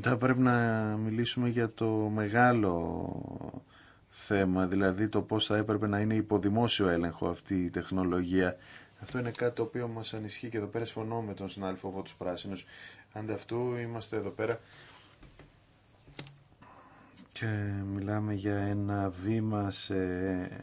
θα πρέπει να μιλήσουμε για το μεγάλο θέμα, δηλαδή το πώς θα έπρεπε να είναι υποδημόσιο έλεγχο αυτή η τεχνολογία. Αυτό είναι κάτι το οποίο μας ανισχύει και εδώ πέρα συμφωνώ με τον συνάδελφο από τους πράσινους. αυτού είμαστε εδώ πέρα και μιλάμε για ένα βήμα σε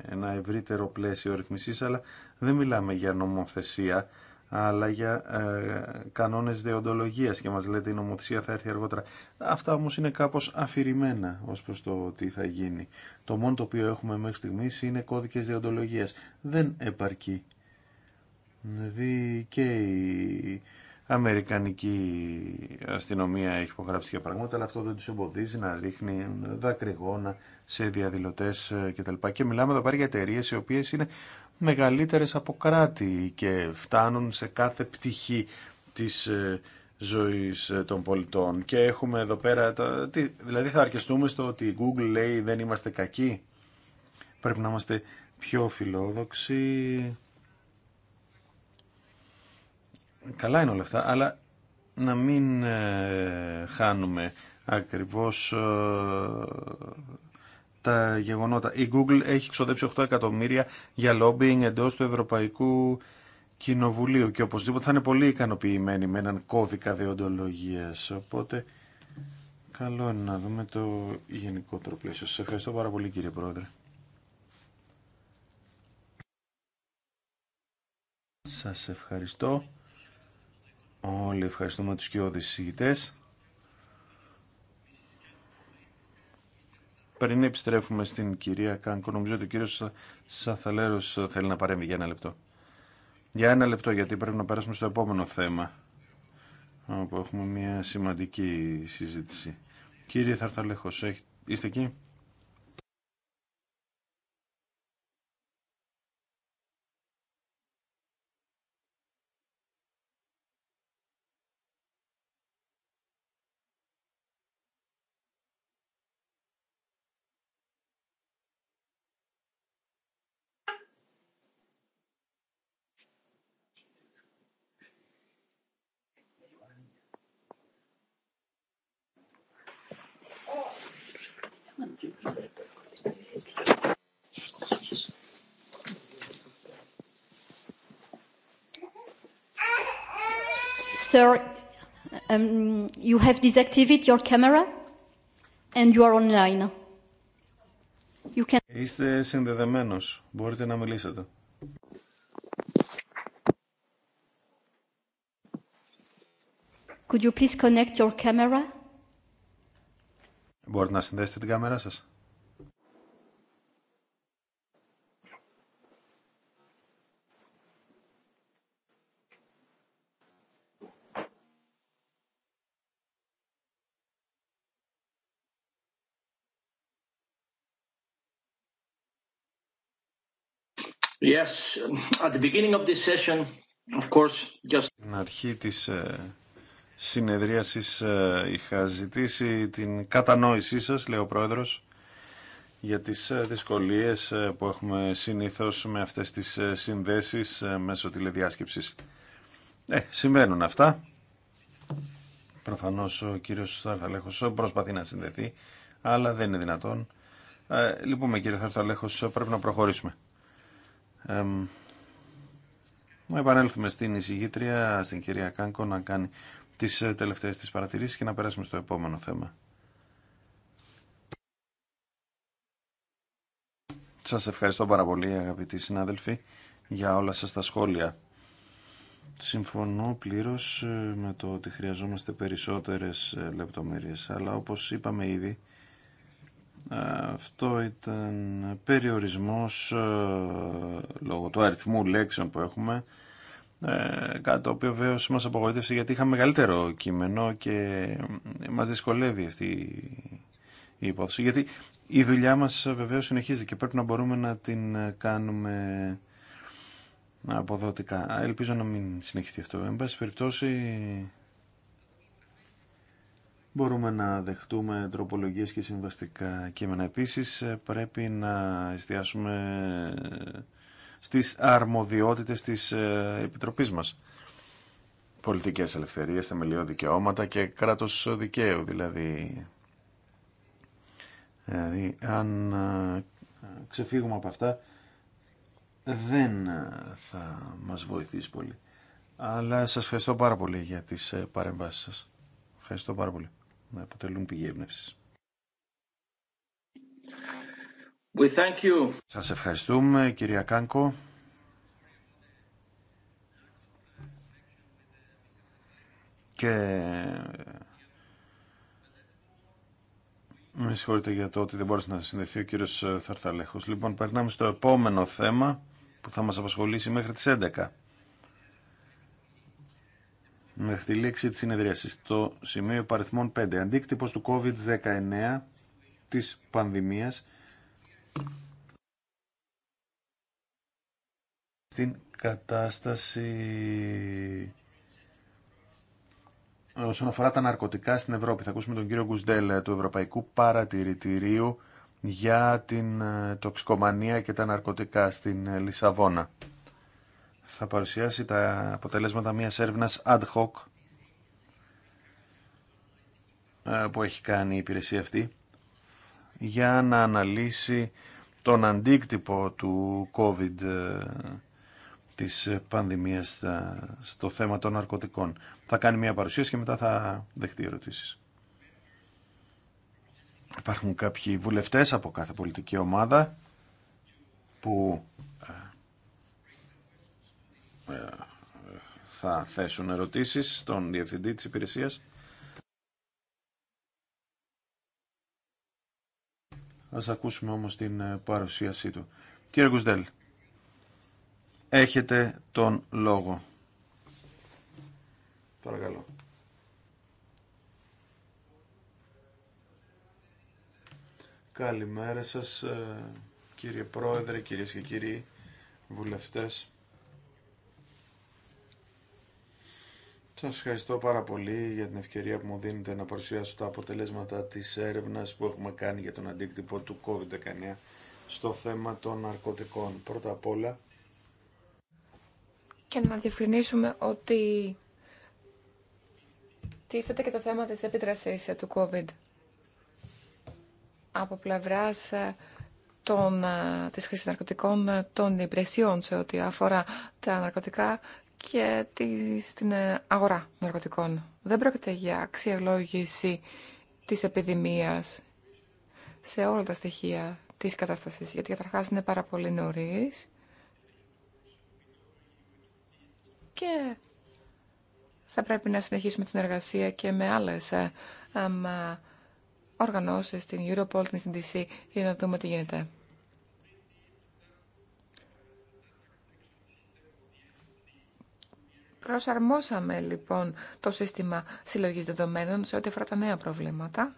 ένα ευρύτερο πλαίσιο ρυθμισής, αλλά δεν μιλάμε για νομοθεσία, αλλά για ε, κανόνες δεοντολογίας και μας λέτε η νομοθεσία θα έρθει αργότερα. Αυτά όμως είναι κάπως αφηρημένα ως προς το τι θα γίνει. Το μόνο το οποίο έχουμε μέχρι στιγμής είναι κώδικες δεοντολογίας. Δεν επαρκεί. Δηλαδή και Αμερικανική αστυνομία έχει υπογράψει για πράγματα, αλλά αυτό δεν του εμποδίζει να ρίχνει δακρυγόνα σε διαδηλωτέ ε, κτλ. Και μιλάμε εδώ πέρα για εταιρείε οι οποίες είναι μεγαλύτερε από κράτη και φτάνουν σε κάθε πτυχή της ε, ζωής ε, των πολιτών. Και έχουμε εδώ πέρα, τα... δηλαδή θα αρκεστούμε στο ότι η Google λέει δεν είμαστε κακοί. Πρέπει να είμαστε πιο φιλόδοξοι Καλά είναι όλα αυτά, αλλά να μην ε, χάνουμε ακριβώς ε, τα γεγονότα. Η Google έχει ξοδέψει 8 εκατομμύρια για lobbying εντός του Ευρωπαϊκού Κοινοβουλίου και οπωσδήποτε θα είναι πολύ ικανοποιημένοι με έναν κώδικα διοντολογίας. Οπότε καλό είναι να δούμε το γενικότερο πλαίσιο. Σας ευχαριστώ πάρα πολύ κύριε Πρόεδρε. Σας ευχαριστώ όλοι ευχαριστούμε τους κοιόδης συζητητές. Πριν επιστρέφουμε στην κυρία Κάνκο, νομίζω ότι ο κύριος Σαθαλέρος θέλει να παρέμβει για ένα λεπτό. Για ένα λεπτό, γιατί πρέπει να περάσουμε στο επόμενο θέμα, όπου έχουμε μια σημαντική συζήτηση. Κύριε Θαρθαλέχος, είστε εκεί? Sir, um, you have deactivated your camera and you are online. You can... Είστε συνδεδεμένος. Μπορείτε να μιλήσετε. Could you please connect your camera? Μπορείτε να συνδέσετε την κάμερά σας. at the beginning of this session, of course, just... Στην αρχή της ε, συνεδρίασης ε, είχα ζητήσει την κατανόησή σας, λέει ο Πρόεδρος, για τις ε, δυσκολίες που έχουμε συνήθως με αυτές τις συνδέσεις μέσω τηλεδιάσκεψης. Ε, συμβαίνουν αυτά. Προφανώς ο κύριος Θαρθαλέχος προσπαθεί να συνδεθεί, αλλά δεν είναι δυνατόν. Ε, λοιπόν, κύριε Θαρθαλέχος, πρέπει να προχωρήσουμε να επανέλθουμε στην εισηγήτρια, στην κυρία Κάνκο, να κάνει τις ε, τελευταίες της παρατηρήσεις και να περάσουμε στο επόμενο θέμα. Σας ευχαριστώ πάρα πολύ αγαπητοί συνάδελφοι για όλα σας τα σχόλια. Συμφωνώ πλήρως ε, με το ότι χρειαζόμαστε περισσότερες ε, λεπτομέρειες, αλλά όπως είπαμε ήδη, αυτό ήταν περιορισμός ε, λόγω του αριθμού λέξεων που έχουμε ε, κάτι το οποίο βέβαια μας απογοήτευσε γιατί είχαμε μεγαλύτερο κείμενο και ε, μας δυσκολεύει αυτή η υπόθεση γιατί η δουλειά μας βεβαίως συνεχίζει και πρέπει να μπορούμε να την κάνουμε αποδοτικά. Ελπίζω να μην συνεχιστεί αυτό. Εν πάση περιπτώσει Μπορούμε να δεχτούμε τροπολογίες και συμβαστικά κείμενα. Επίσης πρέπει να εστιάσουμε στις αρμοδιότητες της ε, Επιτροπής μας. Πολιτικές ελευθερίες, θεμελιώδη δικαιώματα και κράτος δικαίου. Δηλαδή, δηλαδή αν ε, ξεφύγουμε από αυτά δεν ε, θα μας βοηθήσει πολύ. Αλλά σας ευχαριστώ πάρα πολύ για τις παρεμβάσεις σας. Ευχαριστώ πάρα πολύ να αποτελούν πηγή έμπνευσης. We Σας ευχαριστούμε κυρία Κάνκο. Και ε, με συγχωρείτε για το ότι δεν μπόρεσε να συνδεθεί ο κύριος Θαρθαλέχος. Λοιπόν, περνάμε στο επόμενο θέμα που θα μας απασχολήσει μέχρι τις 11 μέχρι τη λήξη της συνεδρίασης. Το σημείο παριθμών 5. Αντίκτυπος του COVID-19 της πανδημίας στην κατάσταση όσον αφορά τα ναρκωτικά στην Ευρώπη. Θα ακούσουμε τον κύριο Γκουζντελ του Ευρωπαϊκού Παρατηρητηρίου για την τοξικομανία και τα ναρκωτικά στην Λισαβόνα θα παρουσιάσει τα αποτελέσματα μιας έρευνας ad hoc ε, που έχει κάνει η υπηρεσία αυτή για να αναλύσει τον αντίκτυπο του COVID ε, της πανδημίας ε, στο θέμα των ναρκωτικών. Θα κάνει μια παρουσίαση και μετά θα δεχτεί ερωτήσεις. Υπάρχουν κάποιοι βουλευτές από κάθε πολιτική ομάδα που ε, θα θέσουν ερωτήσεις στον Διευθυντή της Υπηρεσίας. Ας ακούσουμε όμως την ε, παρουσίασή του. Κύριε Γκουσδέλ, έχετε τον λόγο. Παρακαλώ. Καλημέρα σας ε, κύριε Πρόεδρε, κυρίες και κύριοι βουλευτές. Σας ευχαριστώ πάρα πολύ για την ευκαιρία που μου δίνετε να παρουσιάσω τα αποτελέσματα της έρευνας που έχουμε κάνει για τον αντίκτυπο του COVID-19 στο θέμα των ναρκωτικών. Πρώτα απ' όλα... Και να διευκρινίσουμε ότι τίθεται και το θέμα της επίδρασης του COVID από πλευράς ε, των, ε, της χρήσης ναρκωτικών ε, των υπηρεσιών σε ό,τι αφορά τα ναρκωτικά και στην ε, αγορά ναρκωτικών. Δεν πρόκειται για αξιολόγηση της επιδημίας σε όλα τα στοιχεία της κατάστασης, γιατί καταρχά είναι πάρα πολύ νωρίς και θα πρέπει να συνεχίσουμε τη συνεργασία και με άλλες ε, ε, οργανώσεις, την Europol, την CDC, για να δούμε τι γίνεται. Προσαρμόσαμε λοιπόν το σύστημα συλλογή δεδομένων σε ό,τι αφορά τα νέα προβλήματα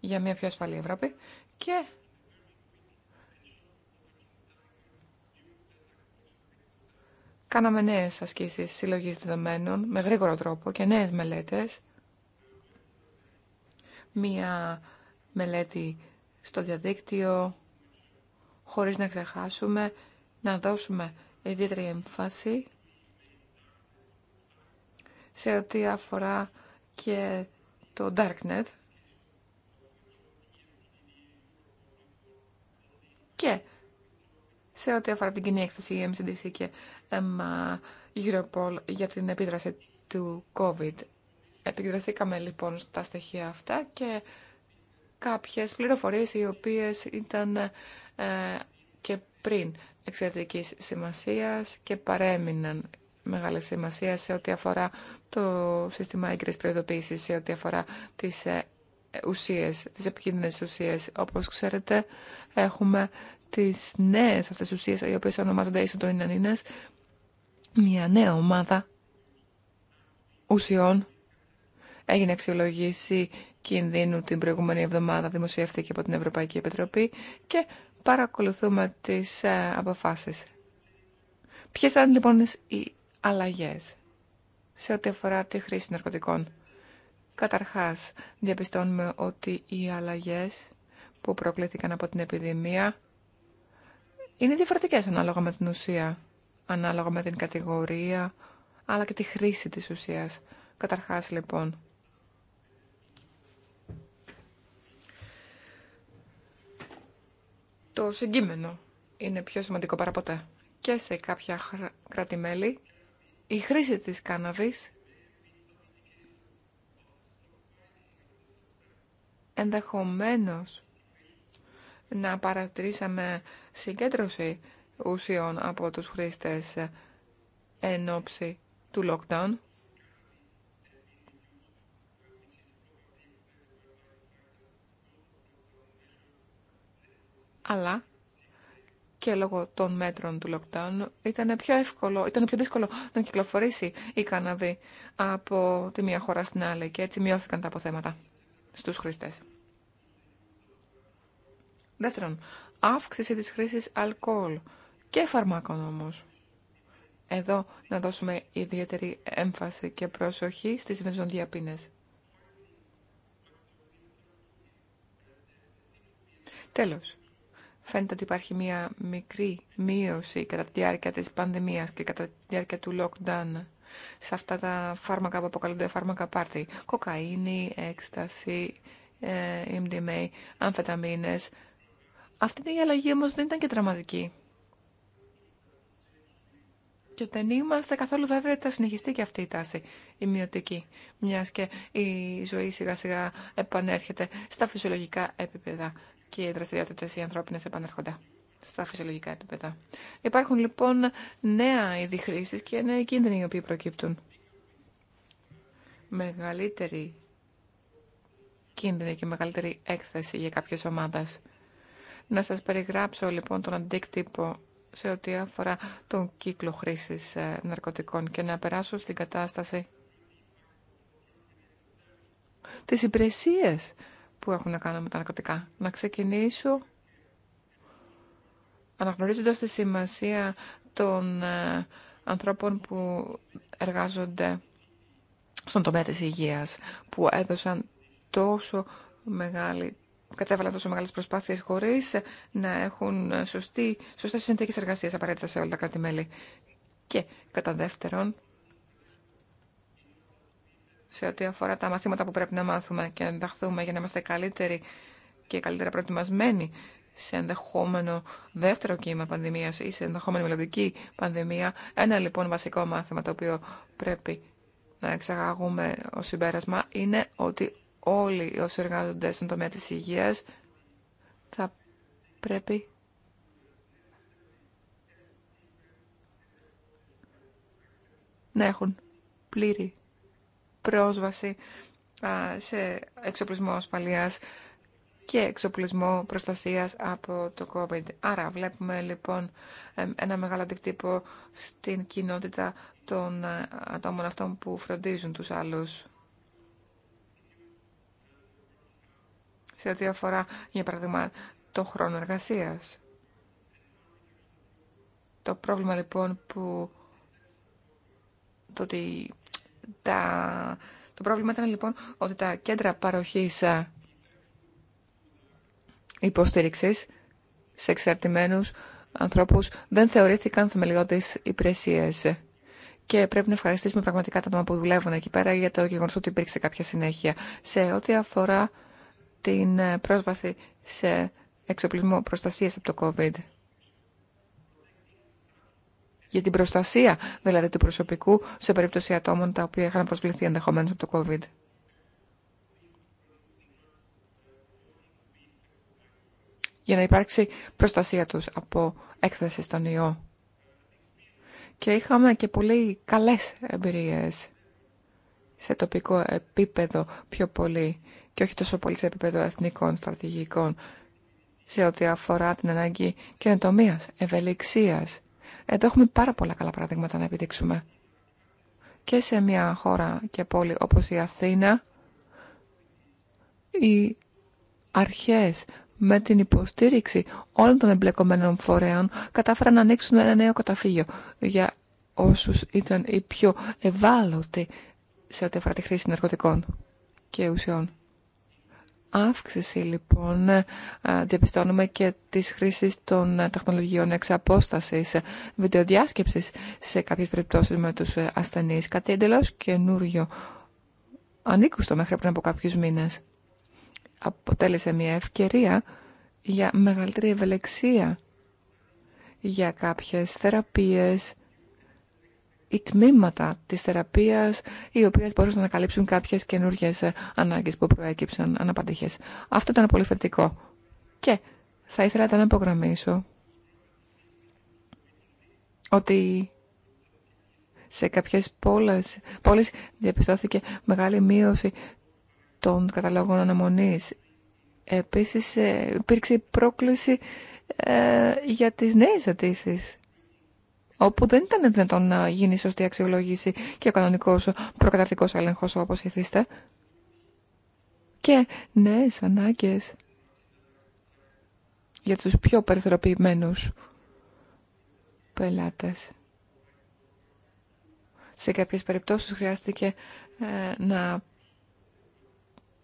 για μια πιο ασφαλή Ευρώπη και κάναμε νέες ασκήσεις συλλογής δεδομένων με γρήγορο τρόπο και νέες μελέτες. Μία μελέτη στο διαδίκτυο, χωρίς να ξεχάσουμε, να δώσουμε ιδιαίτερη έμφαση σε ό,τι αφορά και το Darknet. Και σε ό,τι αφορά την κοινή έκθεση MCDC και MA, Europol για την επίδραση του COVID. Επικεντρωθήκαμε λοιπόν στα στοιχεία αυτά και κάποιες πληροφορίες οι οποίες ήταν ε, και πριν εξαιρετικής σημασίας και παρέμειναν μεγάλη σημασία σε ό,τι αφορά το σύστημα έγκρισης προειδοποίησης, σε ό,τι αφορά τις ε, ουσίες, τις επικίνδυνες ουσίες. Όπως ξέρετε, έχουμε τις νέες αυτές ουσίες, οι οποίες ονομάζονται ίσω των Ινανίνες, μια νέα ομάδα ουσιών έγινε αξιολογήση κινδύνου την προηγούμενη εβδομάδα, δημοσιεύθηκε από την Ευρωπαϊκή Επιτροπή και παρακολουθούμε τις ε, αποφάσεις. Ποιες ήταν λοιπόν οι αλλαγές σε ό,τι αφορά τη χρήση ναρκωτικών. Καταρχάς, διαπιστώνουμε ότι οι αλλαγές που προκλήθηκαν από την επιδημία είναι διαφορετικές ανάλογα με την ουσία, ανάλογα με την κατηγορία, αλλά και τη χρήση της ουσίας. Καταρχάς, λοιπόν, το συγκείμενο είναι πιο σημαντικό παραποτέ. Και σε κάποια η χρήση της κάναβης ενδεχομένως να παρατηρήσαμε συγκέντρωση ουσιών από τους χρήστες εν ώψη του lockdown. Αλλά και λόγω των μέτρων του lockdown ήταν πιο εύκολο, ήταν πιο δύσκολο να κυκλοφορήσει η κάναβη από τη μία χώρα στην άλλη και έτσι μειώθηκαν τα αποθέματα στους χρήστες. Δεύτερον, αύξηση της χρήσης αλκοόλ και φαρμάκων όμως. Εδώ να δώσουμε ιδιαίτερη έμφαση και προσοχή στις βενζονδιαπίνες. Τέλος, φαίνεται ότι υπάρχει μία μικρή μείωση κατά τη διάρκεια της πανδημίας και κατά τη διάρκεια του lockdown σε αυτά τα φάρμακα που αποκαλούνται φάρμακα πάρτι. Κοκαίνη, έκσταση, ε, MDMA, αμφεταμίνες. Αυτή η αλλαγή όμως δεν ήταν και δραματική. Και δεν είμαστε καθόλου βέβαιοι ότι θα συνεχιστεί και αυτή η τάση, η μειωτική, μιας και η ζωή σιγά σιγά επανέρχεται στα φυσιολογικά επίπεδα και οι δραστηριότητε οι ανθρώπινε επανέρχονται στα φυσιολογικά επίπεδα. Υπάρχουν λοιπόν νέα είδη χρήση και νέοι κίνδυνοι οι οποίοι προκύπτουν. Μεγαλύτερη κίνδυνη και μεγαλύτερη έκθεση για κάποιες ομάδες. Να σας περιγράψω λοιπόν τον αντίκτυπο σε ό,τι αφορά τον κύκλο χρήσης ε, ναρκωτικών και να περάσω στην κατάσταση τις υπηρεσίες που έχουν να κάνουν με τα ναρκωτικά. Να ξεκινήσω αναγνωρίζοντας τη σημασία των ε, ανθρώπων που εργάζονται στον τομέα της υγείας, που έδωσαν τόσο μεγάλη κατέβαλαν τόσο μεγάλες προσπάθειες χωρίς να έχουν σωστή, σωστές συνθήκες εργασίας απαραίτητα σε όλα τα κράτη-μέλη. Και κατά δεύτερον, σε ό,τι αφορά τα μαθήματα που πρέπει να μάθουμε και να ενταχθούμε για να είμαστε καλύτεροι και καλύτερα προετοιμασμένοι σε ενδεχόμενο δεύτερο κύμα πανδημία ή σε ενδεχόμενη μελλοντική πανδημία. Ένα λοιπόν βασικό μάθημα το οποίο πρέπει να εξαγάγουμε ω συμπέρασμα είναι ότι όλοι όσοι εργάζονται στον τομέα τη υγεία θα πρέπει να έχουν πλήρη πρόσβαση σε εξοπλισμό ασφαλείας και εξοπλισμό προστασίας από το COVID. Άρα βλέπουμε λοιπόν ένα μεγάλο αντικτύπο στην κοινότητα των ε, ατόμων αυτών που φροντίζουν τους άλλους. Σε ό,τι αφορά, για παράδειγμα, το χρόνο εργασίας. Το πρόβλημα λοιπόν που το ότι τα... Το πρόβλημα ήταν λοιπόν ότι τα κέντρα παροχής ε, υποστήριξης σε εξαρτημένους ανθρώπους δεν θεωρήθηκαν θεμελιώδεις υπηρεσίες. Και πρέπει να ευχαριστήσουμε πραγματικά τα άτομα που δουλεύουν εκεί πέρα για το γεγονό ότι υπήρξε κάποια συνέχεια. Σε ό,τι αφορά την ε, πρόσβαση σε εξοπλισμό προστασίας από το COVID για την προστασία δηλαδή του προσωπικού σε περίπτωση ατόμων τα οποία είχαν προσβληθεί ενδεχομένω από το COVID. για να υπάρξει προστασία τους από έκθεση στον ιό. Και είχαμε και πολύ καλές εμπειρίες σε τοπικό επίπεδο πιο πολύ και όχι τόσο πολύ σε επίπεδο εθνικών στρατηγικών σε ό,τι αφορά την ανάγκη καινοτομίας, ευελιξίας εδώ έχουμε πάρα πολλά καλά παραδείγματα να επιδείξουμε. Και σε μια χώρα και πόλη όπως η Αθήνα, οι αρχές με την υποστήριξη όλων των εμπλεκομένων φορέων κατάφεραν να ανοίξουν ένα νέο καταφύγιο για όσους ήταν οι πιο ευάλωτοι σε ό,τι αφορά τη χρήση ναρκωτικών και ουσιών αύξηση λοιπόν ε, διαπιστώνουμε και της χρήσης των ε, τεχνολογιών εξ απόστασης ε, βιντεοδιάσκεψης σε κάποιες περιπτώσεις με τους ασθενείς. Κάτι εντελώς καινούριο ανήκουστο μέχρι πριν από κάποιους μήνες. Αποτέλεσε μια ευκαιρία για μεγαλύτερη ευελεξία για κάποιες θεραπείες, ή τμήματα της θεραπείας οι οποίες μπορούσαν να καλύψουν κάποιες καινούργιες ε, ανάγκες που προέκυψαν αναπαντήχες. Αυτό ήταν πολύ θετικό. Και θα ήθελα να υπογραμμίσω ότι σε κάποιες πόλες, πόλεις διαπιστώθηκε μεγάλη μείωση των καταλόγων αναμονής. Επίσης ε, υπήρξε πρόκληση ε, για τις νέες αιτήσει όπου δεν ήταν δυνατόν να γίνει σωστή αξιολόγηση και ο κανονικός προκαταρτικός έλεγχος όπως ηθίστε. Και νέε ανάγκε για τους πιο περιθωριοποιημένους πελάτες. Σε κάποιες περιπτώσεις χρειάστηκε ε, να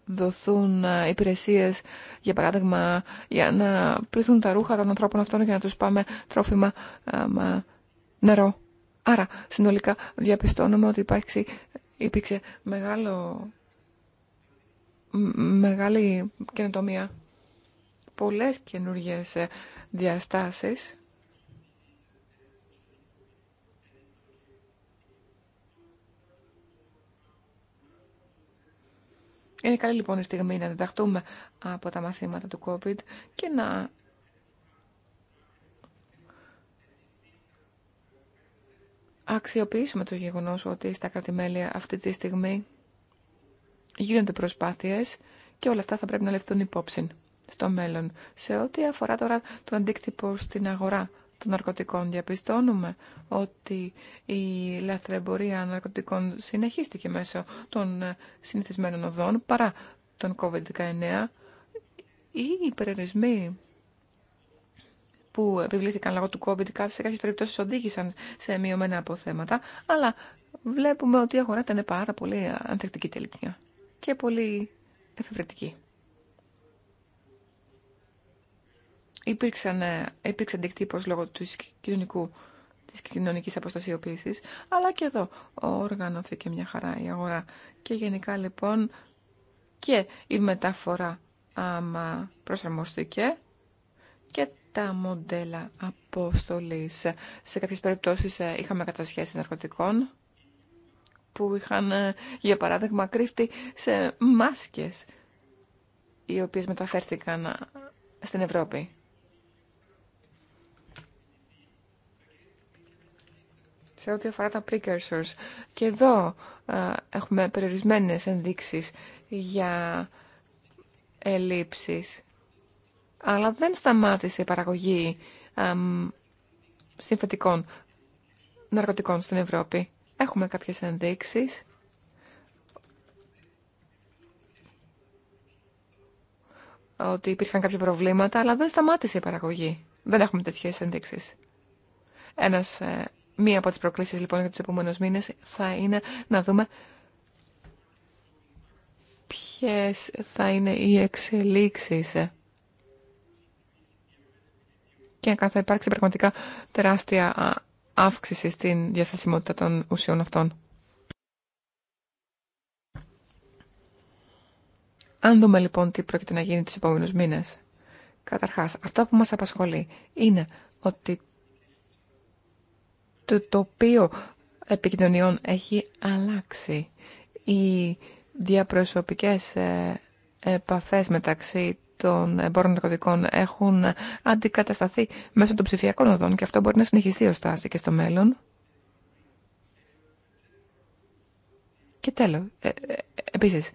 δοθούν ε, υπηρεσίες, για παράδειγμα, για να πληθούν τα ρούχα των ανθρώπων αυτών και να τους πάμε τρόφιμα ε, νερό. Άρα, συνολικά διαπιστώνουμε ότι υπάρξει, υπήρξε μεγάλο, μεγάλη καινοτομία. Πολλές καινούργιες ε, διαστάσεις. Είναι καλή λοιπόν η στιγμή να διδαχτούμε από τα μαθήματα του COVID και να αξιοποιήσουμε το γεγονός ότι στα κρατημέλια αυτή τη στιγμή γίνονται προσπάθειες και όλα αυτά θα πρέπει να λεφτούν υπόψη στο μέλλον. Σε ό,τι αφορά τώρα τον αντίκτυπο στην αγορά των ναρκωτικών, διαπιστώνουμε ότι η λαθρεμπορία ναρκωτικών συνεχίστηκε μέσω των συνηθισμένων οδών παρά τον COVID-19 ή οι περιορισμοί που επιβλήθηκαν λόγω του COVID κάποιες, σε κάποιες περιπτώσεις οδήγησαν σε μειωμένα αποθέματα, αλλά βλέπουμε ότι η αγορά ήταν πάρα πολύ ανθεκτική τελικά και πολύ εφευρετική. Υπήρξαν, ε, υπήρξε αντικτύπωση λόγω του κοινωνικού τη κοινωνική αποστασιοποίηση, αλλά και εδώ οργανώθηκε μια χαρά η αγορά. Και γενικά λοιπόν και η μεταφορά άμα προσαρμοστήκε και τα μοντέλα αποστολής. Σε κάποιες περιπτώσεις ε, είχαμε κατασχέσεις ναρκωτικών που είχαν, ε, για παράδειγμα, κρύφτη σε μάσκες οι οποίες μεταφέρθηκαν ε, στην Ευρώπη. σε ό,τι αφορά τα precursors. Και εδώ έχουμε περιορισμένες ενδείξεις για ελλείψεις αλλά δεν σταμάτησε η παραγωγή αμ, συμφετικών ναρκωτικών στην Ευρώπη. Έχουμε κάποιες ενδείξεις. ότι υπήρχαν κάποια προβλήματα, αλλά δεν σταμάτησε η παραγωγή. Δεν έχουμε τέτοιες ενδείξεις. Ένας, ε, μία από τις προκλήσεις λοιπόν για τους επόμενους μήνες θα είναι να δούμε ποιες θα είναι οι εξελίξεις ε, και θα υπάρξει πραγματικά τεράστια αύξηση στην διαθεσιμότητα των ουσιών αυτών. Αν δούμε λοιπόν τι πρόκειται να γίνει τους επόμενους μήνες. Καταρχάς, αυτό που μας απασχολεί είναι ότι το τοπίο επικοινωνιών έχει αλλάξει. Οι διαπροσωπικές ε, επαφές μεταξύ των εμπόρων ναρκωτικών έχουν αντικατασταθεί μέσω των ψηφιακών οδών και αυτό μπορεί να συνεχιστεί ω τάση και στο μέλλον. Και τέλος, ε, ε, επίσης,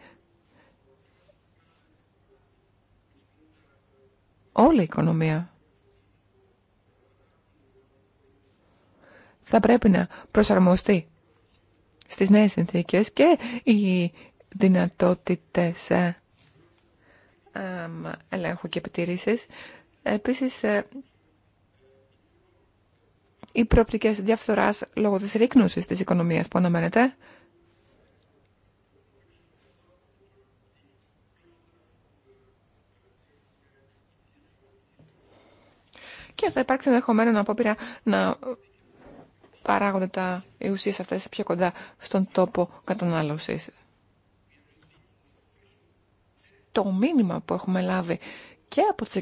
όλη η οικονομία θα πρέπει να προσαρμοστεί στις νέες συνθήκες και οι δυνατότητες ε, ελέγχου και επιτήρησης. Επίσης, ε, οι προοπτικές διαφθοράς λόγω της ρίκνουσης της οικονομίας που αναμένεται. Και θα υπάρξει ενδεχομένω απόπειρα να παράγονται τα ουσίες αυτές πιο κοντά στον τόπο κατανάλωσης το μήνυμα που έχουμε λάβει και από τους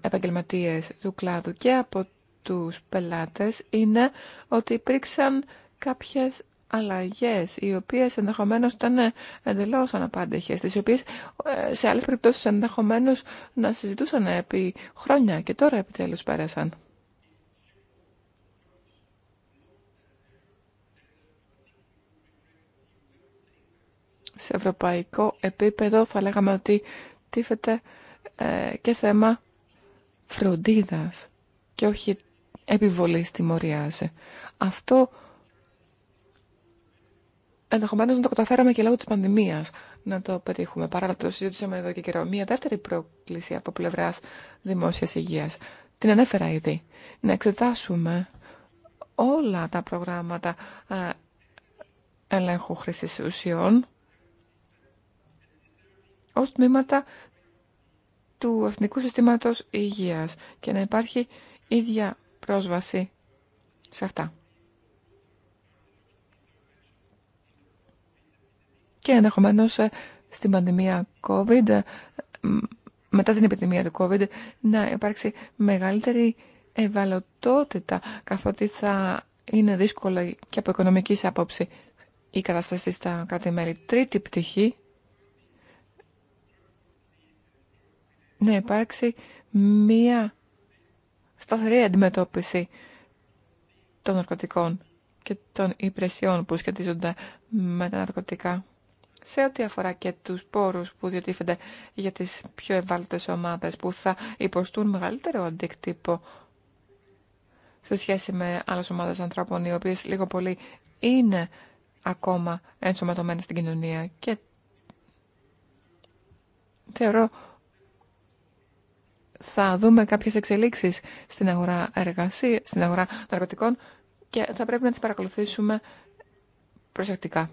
επαγγελματίες του κλάδου και από τους πελάτες είναι ότι υπήρξαν κάποιες αλλαγές οι οποίες ενδεχομένως ήταν ε, εντελώς αναπάντεχες, τις οποίες ε, σε άλλες περιπτώσεις ενδεχομένως να συζητούσαν επί χρόνια και τώρα επιτέλους πέρασαν. σε ευρωπαϊκό επίπεδο θα λέγαμε ότι τίθεται ε, και θέμα φροντίδας και όχι επιβολής τιμωρίας. Αυτό ενδεχομένως να το καταφέραμε και λόγω της πανδημίας να το πετύχουμε. Παράλληλα το συζήτησαμε εδώ και καιρό. Μία δεύτερη πρόκληση από πλευράς δημόσιας υγείας. Την ανέφερα ήδη. Να εξετάσουμε όλα τα προγράμματα ε, ελέγχου χρήσης ουσιών ως τμήματα του Εθνικού Συστήματος Υγείας και να υπάρχει ίδια πρόσβαση σε αυτά. Και ενδεχομένω ε, στην πανδημία COVID, ε, μετά την επιδημία του COVID, να υπάρξει μεγαλύτερη ευαλωτότητα, καθότι θα είναι δύσκολο και από οικονομική άποψη η κατάσταση στα κράτη-μέλη. Τρίτη πτυχή να υπάρξει μία σταθερή αντιμετώπιση των ναρκωτικών και των υπηρεσιών που σχετίζονται με τα ναρκωτικά. Σε ό,τι αφορά και τους πόρους που διατίθενται για τις πιο ευάλωτες ομάδες που θα υποστούν μεγαλύτερο αντίκτυπο σε σχέση με άλλες ομάδες ανθρώπων οι οποίες λίγο πολύ είναι ακόμα ενσωματωμένες στην κοινωνία και θεωρώ θα δούμε κάποιες εξελίξεις στην αγορά εργασία, στην αγορά ναρκωτικών και θα πρέπει να τις παρακολουθήσουμε προσεκτικά.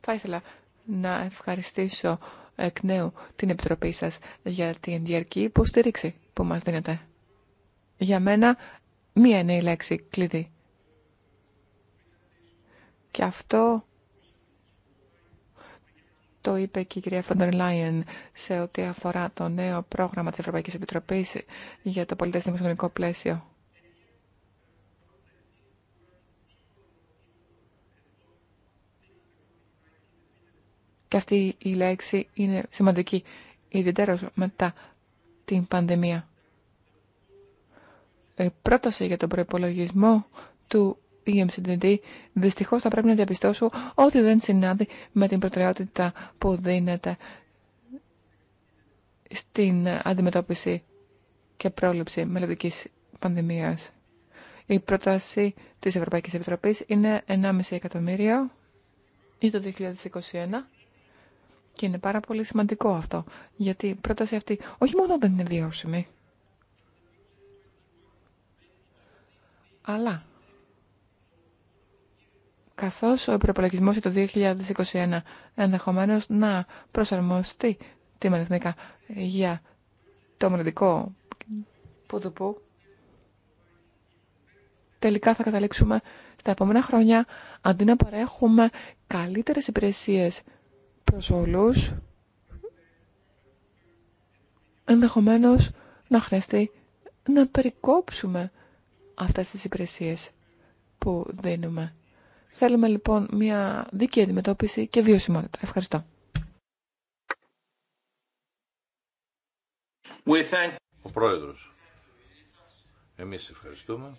Θα ήθελα να ευχαριστήσω εκ νέου την Επιτροπή σας για την διαρκή υποστήριξη που μας δίνετε. Για μένα μία είναι η λέξη κλειδί. Και αυτό το είπε και η κυρία Φόντερ Λάιεν σε ό,τι αφορά το νέο πρόγραμμα της Ευρωπαϊκής Επιτροπής για το πολιτές οικονομικο πλαίσιο. Και αυτή η λέξη είναι σημαντική, ιδιαίτερως μετά την πανδημία. Η ε, πρόταση για τον προϋπολογισμό του η MCDD, δυστυχώ θα πρέπει να διαπιστώσω ότι δεν συνάδει με την προτεραιότητα που δίνεται στην αντιμετώπιση και πρόληψη μελλοντική πανδημία. Η πρόταση της Ευρωπαϊκής Επιτροπής είναι 1,5 εκατομμύριο ή το 2021 και είναι πάρα πολύ σημαντικό αυτό, γιατί η πρόταση αυτή όχι μόνο δεν είναι βιώσιμη, αλλά καθώς ο προπολογισμός για το 2021 ενδεχομένως να προσαρμοστεί μελεθνικά για το μελλοντικό πουδουπού, τελικά θα καταλήξουμε στα επόμενα χρόνια, αντί να παρέχουμε καλύτερες υπηρεσίες προς όλους, ενδεχομένως να χρειαστεί να περικόψουμε αυτές τις υπηρεσίες που δίνουμε Θέλουμε λοιπόν μια δίκαιη αντιμετώπιση και βιωσιμότητα. Ευχαριστώ. Ο Πρόεδρος. Εμείς ευχαριστούμε.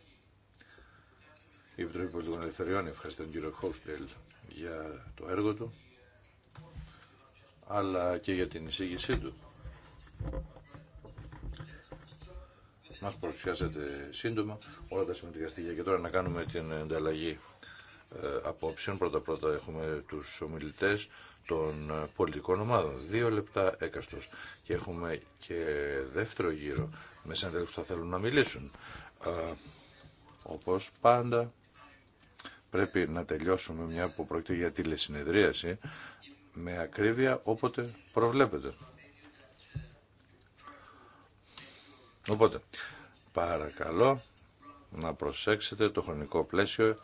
Η Επιτροπή Πολιτικών Ελευθεριών ευχαριστεί τον κύριο Χόφτελ για το έργο του, αλλά και για την εισήγησή του. Μας παρουσιάσετε σύντομα όλα τα σημαντικά στοιχεία και τώρα να κάνουμε την ανταλλαγή ε, απόψεων. Πρώτα-πρώτα έχουμε τους ομιλητές των πολιτικών ομάδων. Δύο λεπτά έκαστος. Και έχουμε και δεύτερο γύρο με συνέντευξη που θα θέλουν να μιλήσουν. Όπως πάντα πρέπει να τελειώσουμε μια που πρόκειται για τηλεσυνεδρίαση με ακρίβεια όποτε προβλέπετε. Οπότε, παρακαλώ να προσέξετε το χρονικό πλαίσιο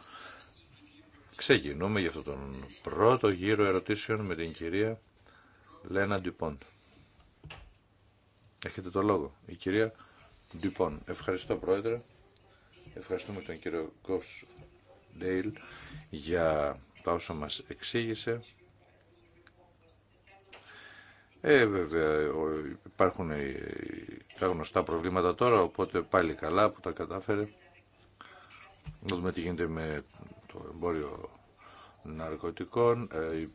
Ξεκινούμε για αυτόν τον πρώτο γύρο ερωτήσεων με την κυρία Λένα Ντυπών. Έχετε το λόγο. Η κυρία Ντυπών. Ευχαριστώ πρόεδρε. Ευχαριστούμε τον κύριο Κόφς Ντέιλ για τα όσα μας εξήγησε. Ε, βέβαια, υπάρχουν τα γνωστά προβλήματα τώρα, οπότε πάλι καλά που τα κατάφερε. Να δούμε τι γίνεται με το εμπόριο ναρκωτικών. Ε,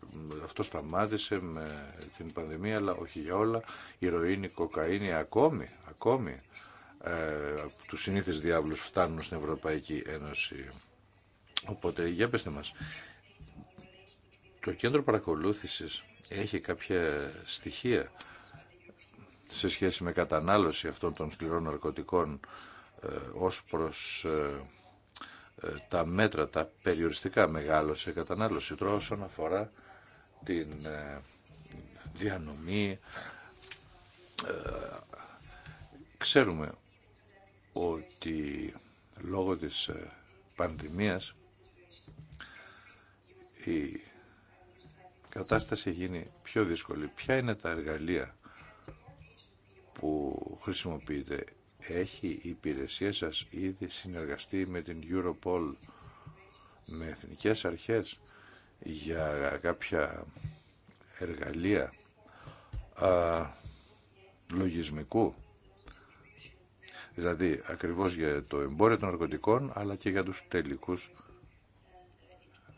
αυτό σταμάτησε με την πανδημία, αλλά όχι για όλα. η Ηρωίνη, κοκαίνη, ακόμη, ακόμη ε, του συνήθες διάβλους φτάνουν στην Ευρωπαϊκή Ένωση. Οπότε, για πετε μας, το κέντρο παρακολούθησης έχει κάποια στοιχεία σε σχέση με κατανάλωση αυτών των σκληρών ναρκωτικών ε, ως προς ε, τα μέτρα, τα περιοριστικά μεγάλωσε σε κατανάλωση τρόφων όσον αφορά την ε, διανομή. Ε, ξέρουμε ότι λόγω της ε, πανδημίας η κατάσταση γίνει πιο δύσκολη. Ποια είναι τα εργαλεία που χρησιμοποιείται έχει η υπηρεσία σας ήδη συνεργαστεί με την Europol, με εθνικές αρχές, για κάποια εργαλεία λογισμικού. Δηλαδή, ακριβώς για το εμπόριο των ναρκωτικών, αλλά και για τους τελικούς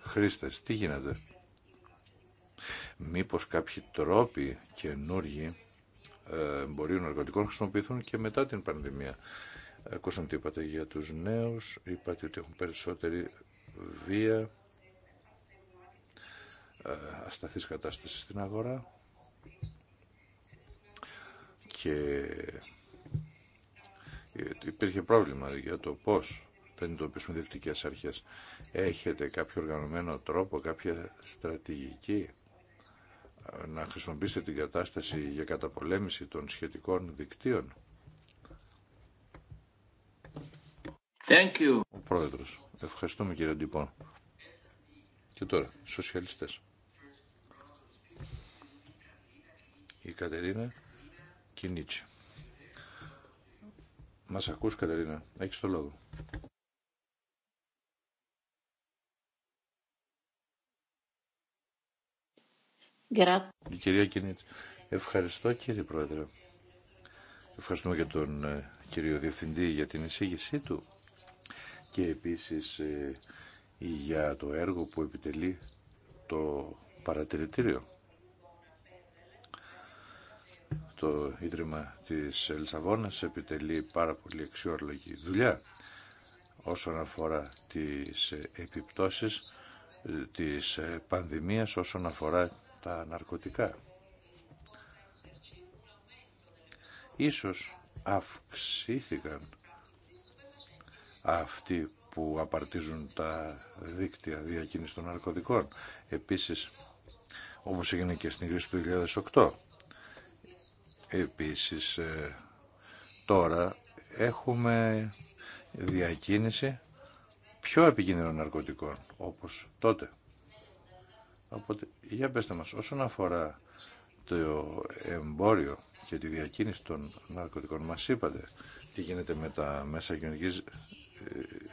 χρήστες. Τι γίνεται. Μήπως κάποιοι τρόποι καινούργοι εμπορίου ναρκωτικών χρησιμοποιηθούν και μετά την πανδημία. Ακούσαμε τι είπατε για τους νέους, είπατε ότι έχουν περισσότερη βία, ε, ασταθής κατάσταση στην αγορά και ε, υπήρχε πρόβλημα για το πώς θα εντοπίσουν διοικητικές αρχές. Έχετε κάποιο οργανωμένο τρόπο, κάποια στρατηγική να χρησιμοποιήσετε την κατάσταση για καταπολέμηση των σχετικών δικτύων. Thank you. Ο Πρόεδρος. Ευχαριστούμε κύριε Ντυπών. Και τώρα, σοσιαλιστές. Η Κατερίνα Κινίτσι. Μας ακούς Κατερίνα, έχεις το λόγο. κυρία Κινίτ, Ευχαριστώ κύριε Πρόεδρε. Ευχαριστούμε και τον ε, κύριο Διευθυντή για την εισήγησή του και επίσης ε, για το έργο που επιτελεί το παρατηρητήριο. Το Ίδρυμα της Ελσαβόνας επιτελεί πάρα πολύ αξιόλογη δουλειά όσον αφορά τις επιπτώσεις ε, της πανδημίας, όσον αφορά τα ναρκωτικά. Ίσως αυξήθηκαν αυτοί που απαρτίζουν τα δίκτυα διακίνηση των ναρκωτικών. Επίσης, όπως έγινε και στην κρίση του 2008. Επίσης, ε, τώρα έχουμε διακίνηση πιο επικίνδυνων ναρκωτικών, όπως τότε. Οπότε, για πέστε μας, όσον αφορά το εμπόριο και τη διακίνηση των ναρκωτικών, μας είπατε τι γίνεται με τα μέσα κοινωνικής ε,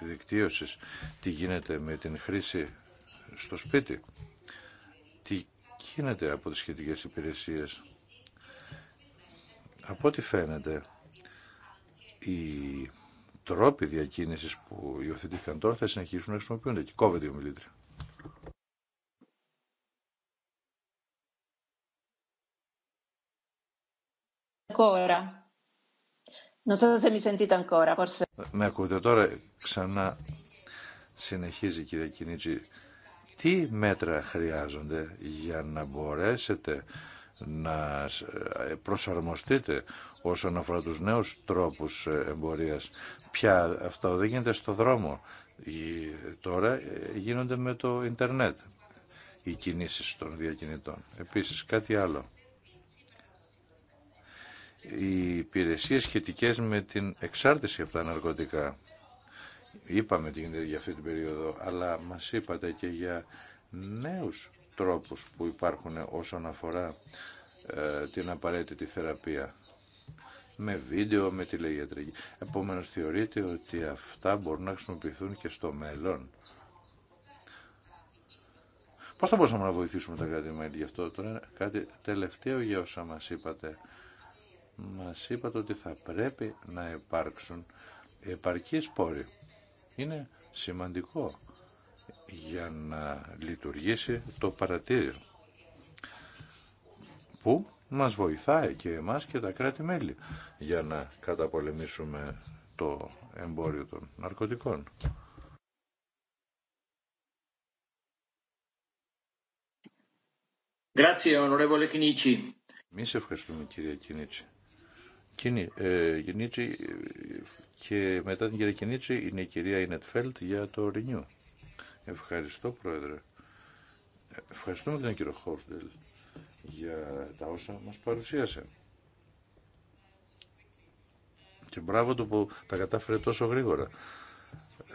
δικτύωσης, τι γίνεται με την χρήση στο σπίτι, τι γίνεται από τις σχετικές υπηρεσίες. Από ό,τι φαίνεται, οι τρόποι διακίνησης που υιοθετήθηκαν τώρα θα συνεχίσουν να χρησιμοποιούνται και κόβεται η ομιλήτρια. ancora. Non so ε, Με ακούτε τώρα ξανά συνεχίζει κυρία Κινίτσι. Τι μέτρα χρειάζονται για να μπορέσετε να ε, προσαρμοστείτε όσον αφορά τους νέους τρόπους ε, εμπορίας. Πια αυτά δεν στο δρόμο. Τώρα γίνονται με το ίντερνετ οι κινήσεις των διακινητών. Επίσης κάτι άλλο οι υπηρεσίες σχετικές με την εξάρτηση από τα ναρκωτικά. Είπαμε τι γίνεται για αυτή την περίοδο, αλλά μας είπατε και για νέους τρόπους που υπάρχουν όσον αφορά ε, την απαραίτητη θεραπεία. Με βίντεο, με τηλεγιατρική. Επομένως θεωρείτε ότι αυτά μπορούν να χρησιμοποιηθούν και στο μέλλον. Πώς θα μπορούσαμε να βοηθήσουμε τα κράτη-μέλη γι' αυτό τώρα, κάτι τελευταίο για όσα μας είπατε μας είπατε ότι θα πρέπει να υπάρξουν επαρκείς πόροι. Είναι σημαντικό για να λειτουργήσει το παρατήριο που μας βοηθάει και εμάς και τα κράτη-μέλη για να καταπολεμήσουμε το εμπόριο των ναρκωτικών. Grazie, Εμεί ευχαριστούμε, κυρία Κινίτσι. Ε, και μετά την κυρία Κινίτσι είναι η κυρία Ινετφέλτ για το Ρινιού. Ευχαριστώ Πρόεδρε. Ευχαριστούμε τον κύριο Χόρντελ για τα όσα μας παρουσίασε. Και μπράβο του που τα κατάφερε τόσο γρήγορα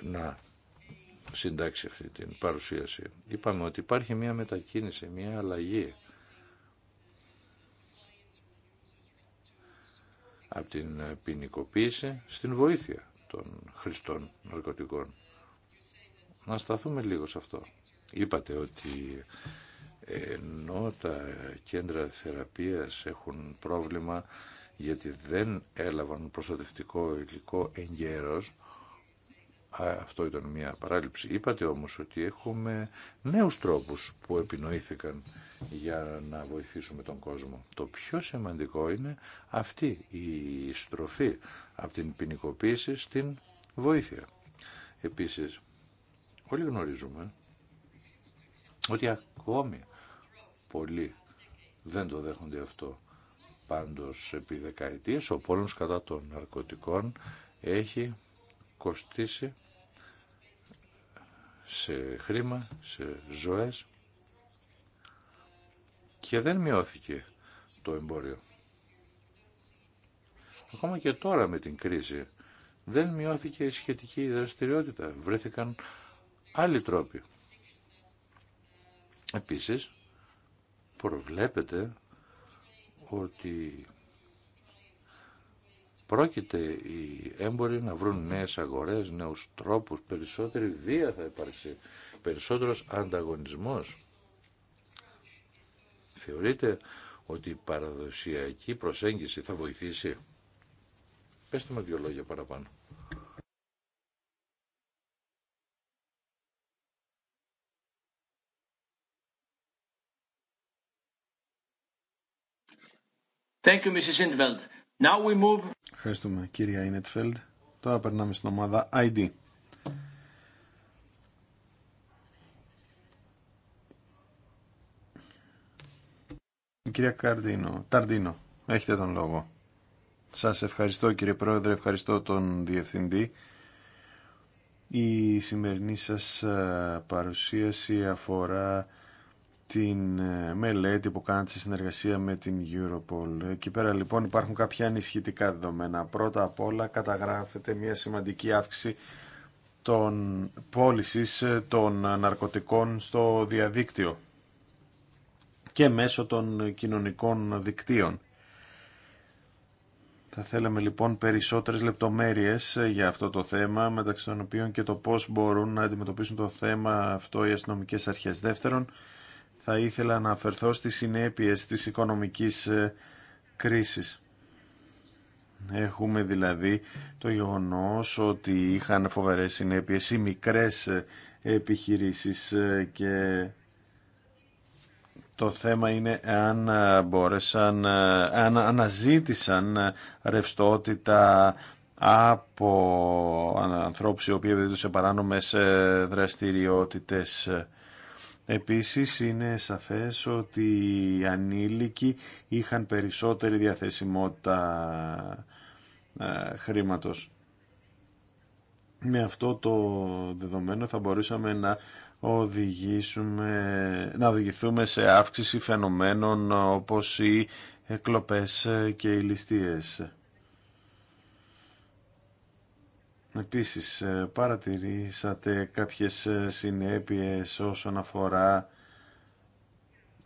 να συντάξει αυτή την παρουσίαση. Είπαμε ότι υπάρχει μια μετακίνηση, μια αλλαγή από την ποινικοποίηση στην βοήθεια των χρηστών ναρκωτικών. Να σταθούμε λίγο σε αυτό. Είπατε ότι ενώ τα κέντρα θεραπείας έχουν πρόβλημα γιατί δεν έλαβαν προστατευτικό υλικό εγκαίρως, αυτό ήταν μια παράληψη. Είπατε όμως ότι έχουμε νέους τρόπους που επινοήθηκαν για να βοηθήσουμε τον κόσμο. Το πιο σημαντικό είναι αυτή η στροφή από την ποινικοποίηση στην βοήθεια. Επίσης, όλοι γνωρίζουμε ότι ακόμη πολλοί δεν το δέχονται αυτό. Πάντως, επί δεκαετίες, ο πόλεμος κατά των ναρκωτικών έχει κοστίσει σε χρήμα, σε ζωές και δεν μειώθηκε το εμπόριο. Ακόμα και τώρα με την κρίση δεν μειώθηκε η σχετική δραστηριότητα. Βρέθηκαν άλλοι τρόποι. Επίσης, προβλέπεται ότι Πρόκειται οι έμποροι να βρουν νέες αγορές, νέους τρόπους, περισσότερη βία θα υπάρξει, περισσότερος ανταγωνισμός. Θεωρείτε ότι η παραδοσιακή προσέγγιση θα βοηθήσει. Πεςτε με δύο λόγια παραπάνω. Thank you, Mrs. Now we move Ευχαριστούμε κυρία Ινετφέλντ. Τώρα περνάμε στην ομάδα ID. κυρία Καρδίνο, Ταρντίνο, έχετε τον λόγο. Σας ευχαριστώ κύριε Πρόεδρε, ευχαριστώ τον Διευθυντή. Η σημερινή σας ε, παρουσίαση αφορά την ε, μελέτη που κάνατε σε συνεργασία με την Europol. Εκεί πέρα λοιπόν υπάρχουν κάποια ανισχυτικά δεδομένα. Πρώτα απ' όλα καταγράφεται μια σημαντική αύξηση των πώληση ε, των ναρκωτικών στο διαδίκτυο και μέσω των κοινωνικών δικτύων. Θα θέλαμε λοιπόν περισσότερες λεπτομέρειες ε, για αυτό το θέμα, μεταξύ των οποίων και το πώς μπορούν να αντιμετωπίσουν το θέμα αυτό οι αστυνομικέ αρχές. Δεύτερον, θα ήθελα να αφερθώ στις συνέπειες της οικονομικής ε, κρίσης. Έχουμε δηλαδή το γεγονός ότι είχαν φοβερές συνέπειες οι μικρές ε, επιχειρήσεις ε, και το θέμα είναι αν μπόρεσαν, αν αναζήτησαν ρευστότητα από ανθρώπους οι οποίοι σε παράνομες δραστηριότητες Επίσης είναι σαφές ότι οι ανήλικοι είχαν περισσότερη διαθεσιμότητα ε, χρήματος. Με αυτό το δεδομένο θα μπορούσαμε να οδηγήσουμε, να οδηγηθούμε σε αύξηση φαινομένων όπως οι εκλοπές και οι ληστείες. Επίσης ε, παρατηρήσατε κάποιες ε, συνέπειες όσον αφορά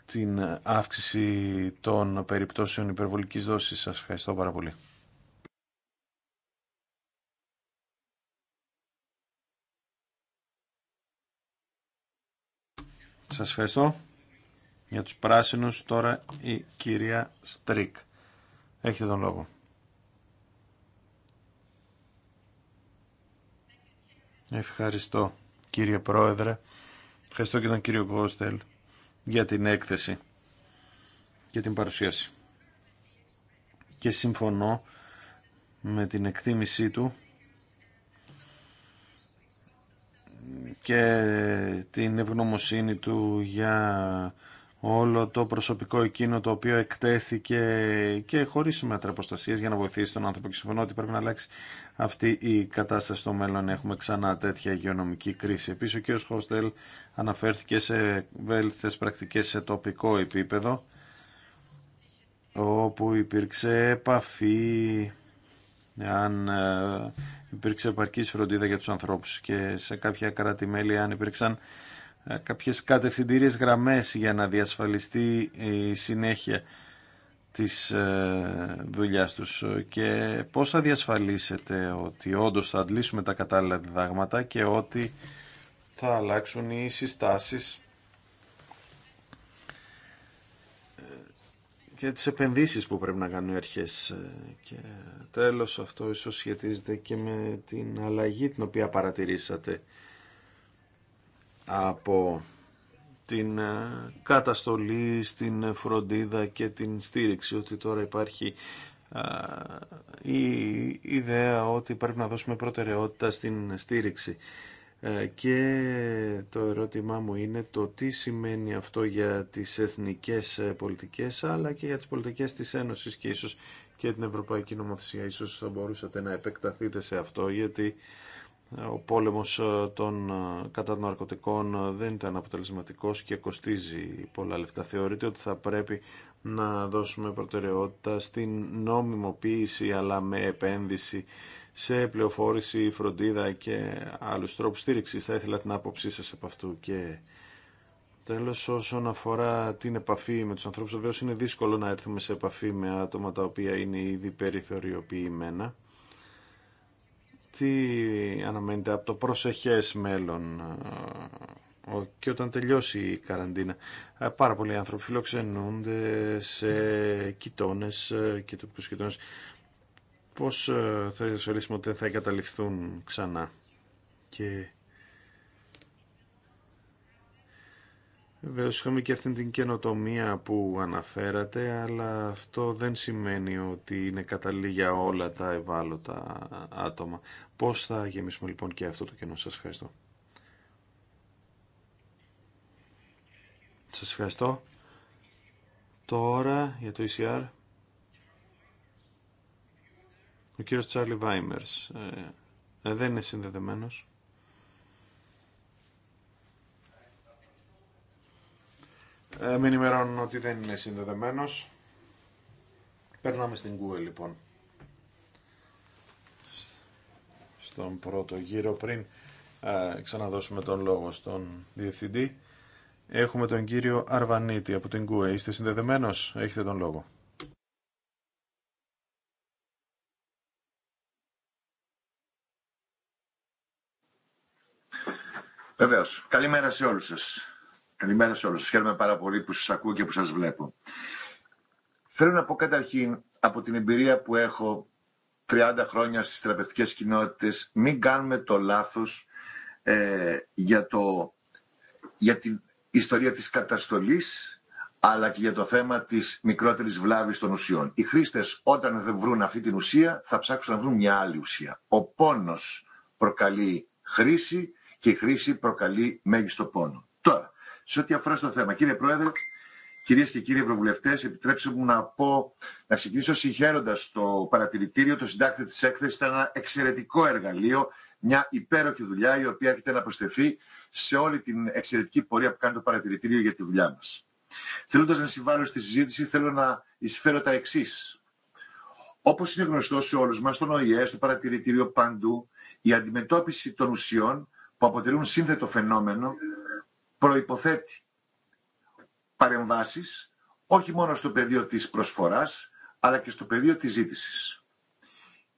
την αύξηση των περιπτώσεων υπερβολικής δόσης. Σας ευχαριστώ πάρα πολύ. Σας ευχαριστώ. Για τους πράσινους τώρα η κυρία Στρίκ. Έχετε τον λόγο. Ευχαριστώ κύριε Πρόεδρε. Ευχαριστώ και τον κύριο Γκόστελ για την έκθεση και την παρουσίαση. Και συμφωνώ με την εκτίμησή του και την ευγνωμοσύνη του για όλο το προσωπικό εκείνο το οποίο εκτέθηκε και χωρί μέτρα προστασία για να βοηθήσει τον άνθρωπο και συμφωνώ ότι πρέπει να αλλάξει αυτή η κατάσταση στο μέλλον. Έχουμε ξανά τέτοια υγειονομική κρίση. Επίση ο κ. Χόστελ αναφέρθηκε σε βέλτιστες πρακτικές σε τοπικό επίπεδο όπου υπήρξε επαφή αν ε, υπήρξε επαρκή φροντίδα για τους ανθρώπους και σε κάποια κράτη-μέλη αν υπήρξαν ε, κάποιες κατευθυντήριες γραμμές για να διασφαλιστεί η συνέχεια της ε, δουλειάς τους και πώς θα διασφαλίσετε ότι όντως θα αντλήσουμε τα κατάλληλα διδάγματα και ότι θα αλλάξουν οι συστάσεις ε, και τις επενδύσεις που πρέπει να κάνουν οι αρχές. Και τέλος αυτό ίσως σχετίζεται και με την αλλαγή την οποία παρατηρήσατε από την ε, καταστολή, στην φροντίδα και την στήριξη ότι τώρα υπάρχει ε, η ιδέα ότι πρέπει να δώσουμε προτεραιότητα στην στήριξη. Ε, και το ερώτημά μου είναι το τι σημαίνει αυτό για τις εθνικές πολιτικές αλλά και για τις πολιτικές της Ένωσης και ίσως και την Ευρωπαϊκή Νομοθεσία. Ίσως θα μπορούσατε να επεκταθείτε σε αυτό γιατί ο πόλεμος ε, των ε, κατά ε, δεν ήταν αποτελεσματικός και κοστίζει πολλά λεφτά. Θεωρείται ότι θα πρέπει να δώσουμε προτεραιότητα στην νόμιμοποίηση αλλά με επένδυση σε πληροφόρηση, φροντίδα και άλλους τρόπους στήριξης. Θα ήθελα την άποψή σας από αυτού και τέλος όσον αφορά την επαφή με τους ανθρώπους. Βεβαίως είναι δύσκολο να έρθουμε σε επαφή με άτομα τα οποία είναι ήδη περιθωριοποιημένα τι αναμένεται από το προσεχές μέλλον ε, και όταν τελειώσει η καραντίνα. Ε, πάρα πολλοί άνθρωποι φιλοξενούνται σε κοιτώνες ε, και τοπικούς κοιτώνες. Πώς θα εξασφαλίσουμε ότι δεν θα εγκαταληφθούν ξανά και Βεβαίω είχαμε και αυτήν την καινοτομία που αναφέρατε, αλλά αυτό δεν σημαίνει ότι είναι καταλληλή για όλα τα ευάλωτα άτομα. Πώς θα γεμίσουμε λοιπόν και αυτό το κενό. Σας ευχαριστώ. Σας ευχαριστώ. Τώρα για το ECR. Ο κύριος Τσάρλι Βάιμερς. Ε, ε, δεν είναι συνδεδεμένος. με ενημερώνουν ότι δεν είναι συνδεδεμένος. Περνάμε στην Google λοιπόν. Στον πρώτο γύρο πριν ε, ξαναδώσουμε τον λόγο στον διευθυντή. Έχουμε τον κύριο Αρβανίτη από την ΚΟΕ. Είστε συνδεδεμένος, έχετε τον λόγο. Βεβαίως. Καλημέρα σε όλους σας. Καλημέρα σε όλους. Σας χαίρομαι πάρα πολύ που σας ακούω και που σας βλέπω. Θέλω να πω καταρχήν από την εμπειρία που έχω 30 χρόνια στις θεραπευτικές κοινότητες μην κάνουμε το λάθος ε, για, το, για την ιστορία της καταστολής αλλά και για το θέμα της μικρότερης βλάβης των ουσιών. Οι χρήστες όταν δεν βρουν αυτή την ουσία θα ψάξουν να βρουν μια άλλη ουσία. Ο πόνος προκαλεί χρήση και η χρήση προκαλεί μέγιστο πόνο σε ό,τι αφορά στο θέμα. Κύριε Πρόεδρε, κυρίε και κύριοι Ευρωβουλευτέ, επιτρέψτε μου να, πω, να ξεκινήσω συγχαίροντα το παρατηρητήριο, το συντάκτη τη έκθεση. Ήταν ένα εξαιρετικό εργαλείο, μια υπέροχη δουλειά, η οποία έρχεται να προσθεθεί σε όλη την εξαιρετική πορεία που κάνει το παρατηρητήριο για τη δουλειά μα. Θέλοντα να συμβάλλω στη συζήτηση, θέλω να εισφέρω τα εξή. Όπω είναι γνωστό σε όλου μα, στον ΟΗΕ, στο παρατηρητήριο παντού, η αντιμετώπιση των ουσιών που αποτελούν σύνθετο φαινόμενο προϋποθέτει παρεμβάσεις όχι μόνο στο πεδίο της προσφοράς, αλλά και στο πεδίο της ζήτησης.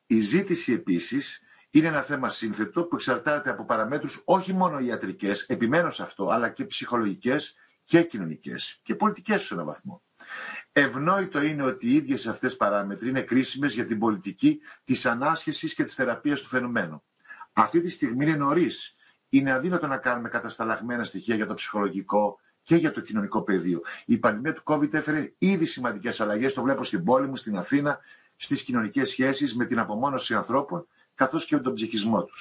Η ζήτηση επίσης είναι ένα θέμα σύνθετο που εξαρτάται από παραμέτρους όχι μόνο ιατρικές, επιμένω σε αυτό, αλλά και ψυχολογικές και κοινωνικές και πολιτικές σε έναν βαθμό. Ευνόητο είναι ότι οι ίδιες αυτές παράμετροι είναι κρίσιμες για την πολιτική της ανάσχεσης και της θεραπείας του φαινομένου. Αυτή τη στιγμή είναι νωρίς είναι αδύνατο να κάνουμε κατασταλαγμένα στοιχεία για το ψυχολογικό και για το κοινωνικό πεδίο. Η πανδημία του COVID έφερε ήδη σημαντικέ αλλαγέ. Το βλέπω στην πόλη μου, στην Αθήνα, στι κοινωνικέ σχέσει, με την απομόνωση ανθρώπων, καθώ και με τον ψυχισμό του.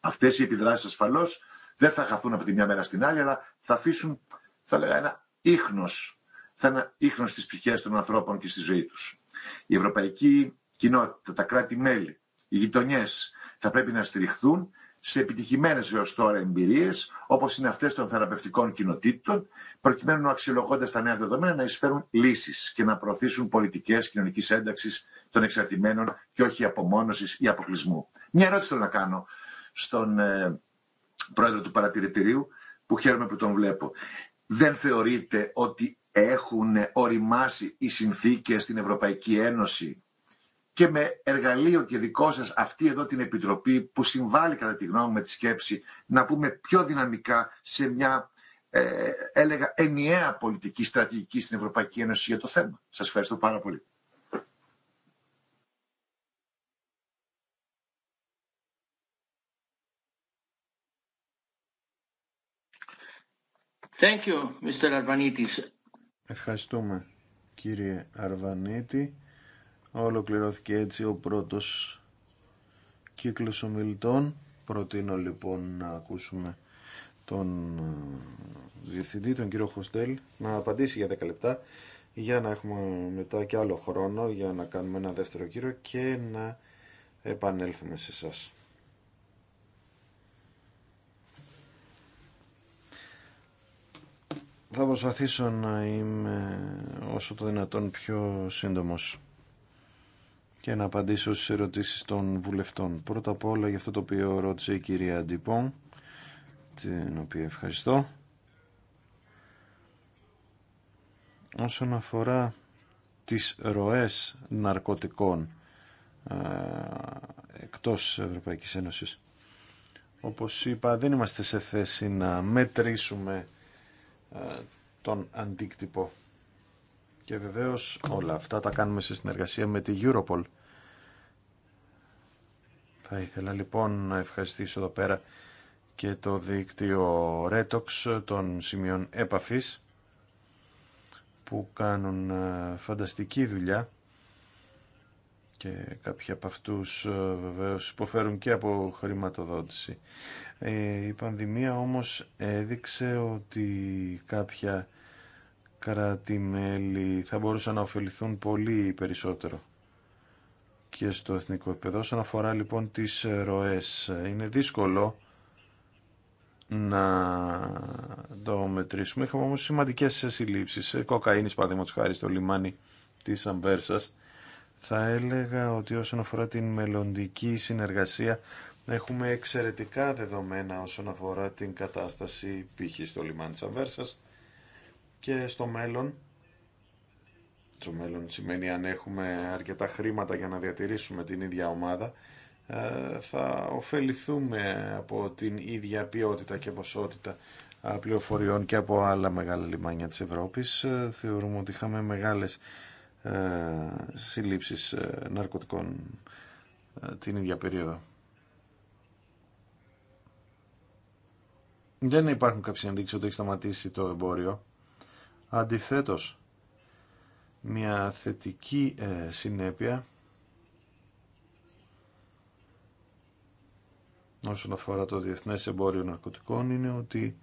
Αυτέ οι επιδράσει ασφαλώ δεν θα χαθούν από τη μια μέρα στην άλλη, αλλά θα αφήσουν, θα λέγα, ένα ίχνο. Θα είναι ίχνο στι πτυχέ των ανθρώπων και στη ζωή του. Η ευρωπαϊκή κοινότητα, τα κράτη-μέλη, οι γειτονιέ θα πρέπει να στηριχθούν σε επιτυχημένε έω τώρα εμπειρίε, όπω είναι αυτέ των θεραπευτικών κοινοτήτων, προκειμένου αξιολογώντα τα νέα δεδομένα να εισφέρουν λύσει και να προωθήσουν πολιτικέ κοινωνική ένταξη των εξαρτημένων και όχι απομόνωση ή αποκλεισμού. Μια ερώτηση θέλω να κάνω στον ε, πρόεδρο του παρατηρητηρίου, που χαίρομαι που τον βλέπω. Δεν θεωρείτε ότι έχουν οριμάσει οι συνθήκες στην Ευρωπαϊκή Ένωση και με εργαλείο και δικό σας αυτή εδώ την Επιτροπή που συμβάλλει κατά τη γνώμη με τη σκέψη να πούμε πιο δυναμικά σε μια ε, έλεγα ενιαία πολιτική στρατηγική στην Ευρωπαϊκή Ένωση για το θέμα. Σας ευχαριστώ πάρα πολύ. Thank you, Mr. Arvanitis. Ευχαριστούμε κύριε Αρβανίτη. Ολοκληρώθηκε έτσι ο πρώτος κύκλος ομιλητών. Προτείνω λοιπόν να ακούσουμε τον ε, διευθυντή, τον κύριο Χωστέλ, να απαντήσει για 10 λεπτά για να έχουμε μετά και άλλο χρόνο για να κάνουμε ένα δεύτερο κύριο και να επανέλθουμε σε σας. Θα προσπαθήσω να είμαι όσο το δυνατόν πιο σύντομος και να απαντήσω στις ερωτήσεις των βουλευτών. Πρώτα απ' όλα για αυτό το οποίο ρώτησε η κυρία Αντίπων την οποία ευχαριστώ. Όσον αφορά τις ροές ναρκωτικών ε, εκτός Ευρωπαϊκής Ένωσης. Όπως είπα, δεν είμαστε σε θέση να μετρήσουμε ε, τον αντίκτυπο. Και βεβαίως όλα αυτά τα κάνουμε σε συνεργασία με τη Europol. Θα ήθελα λοιπόν να ευχαριστήσω εδώ πέρα και το δίκτυο Retox των σημείων έπαφης που κάνουν ε, φανταστική δουλειά και κάποιοι από αυτούς ε, βεβαίως υποφέρουν και από χρηματοδότηση. Ε, η πανδημία όμως έδειξε ότι κάποια κράτη-μέλη θα μπορούσαν να ωφεληθούν πολύ περισσότερο και στο εθνικό επίπεδο. Όσον αφορά λοιπόν τις ροές, είναι δύσκολο να το μετρήσουμε. Είχαμε όμως σημαντικές συλλήψεις, ε, κοκαίνης παραδείγματος χάρη στο λιμάνι της Αμβέρσας. Θα έλεγα ότι όσον αφορά την μελλοντική συνεργασία έχουμε εξαιρετικά δεδομένα όσον αφορά την κατάσταση π.χ. στο λιμάνι της Αμβέρσας και στο μέλλον το μέλλον σημαίνει αν έχουμε αρκετά χρήματα για να διατηρήσουμε την ίδια ομάδα ε, θα ωφεληθούμε από την ίδια ποιότητα και ποσότητα ε, πληροφοριών και από άλλα μεγάλα λιμάνια της Ευρώπης. Ε, θεωρούμε ότι είχαμε μεγάλες συλλήψεις ναρκωτικών την ίδια περίοδο. Δεν υπάρχουν κάποιες ενδείξεις ότι έχει σταματήσει το εμπόριο. Αντιθέτως, μια θετική ε, συνέπεια όσον αφορά το διεθνές εμπόριο ναρκωτικών είναι ότι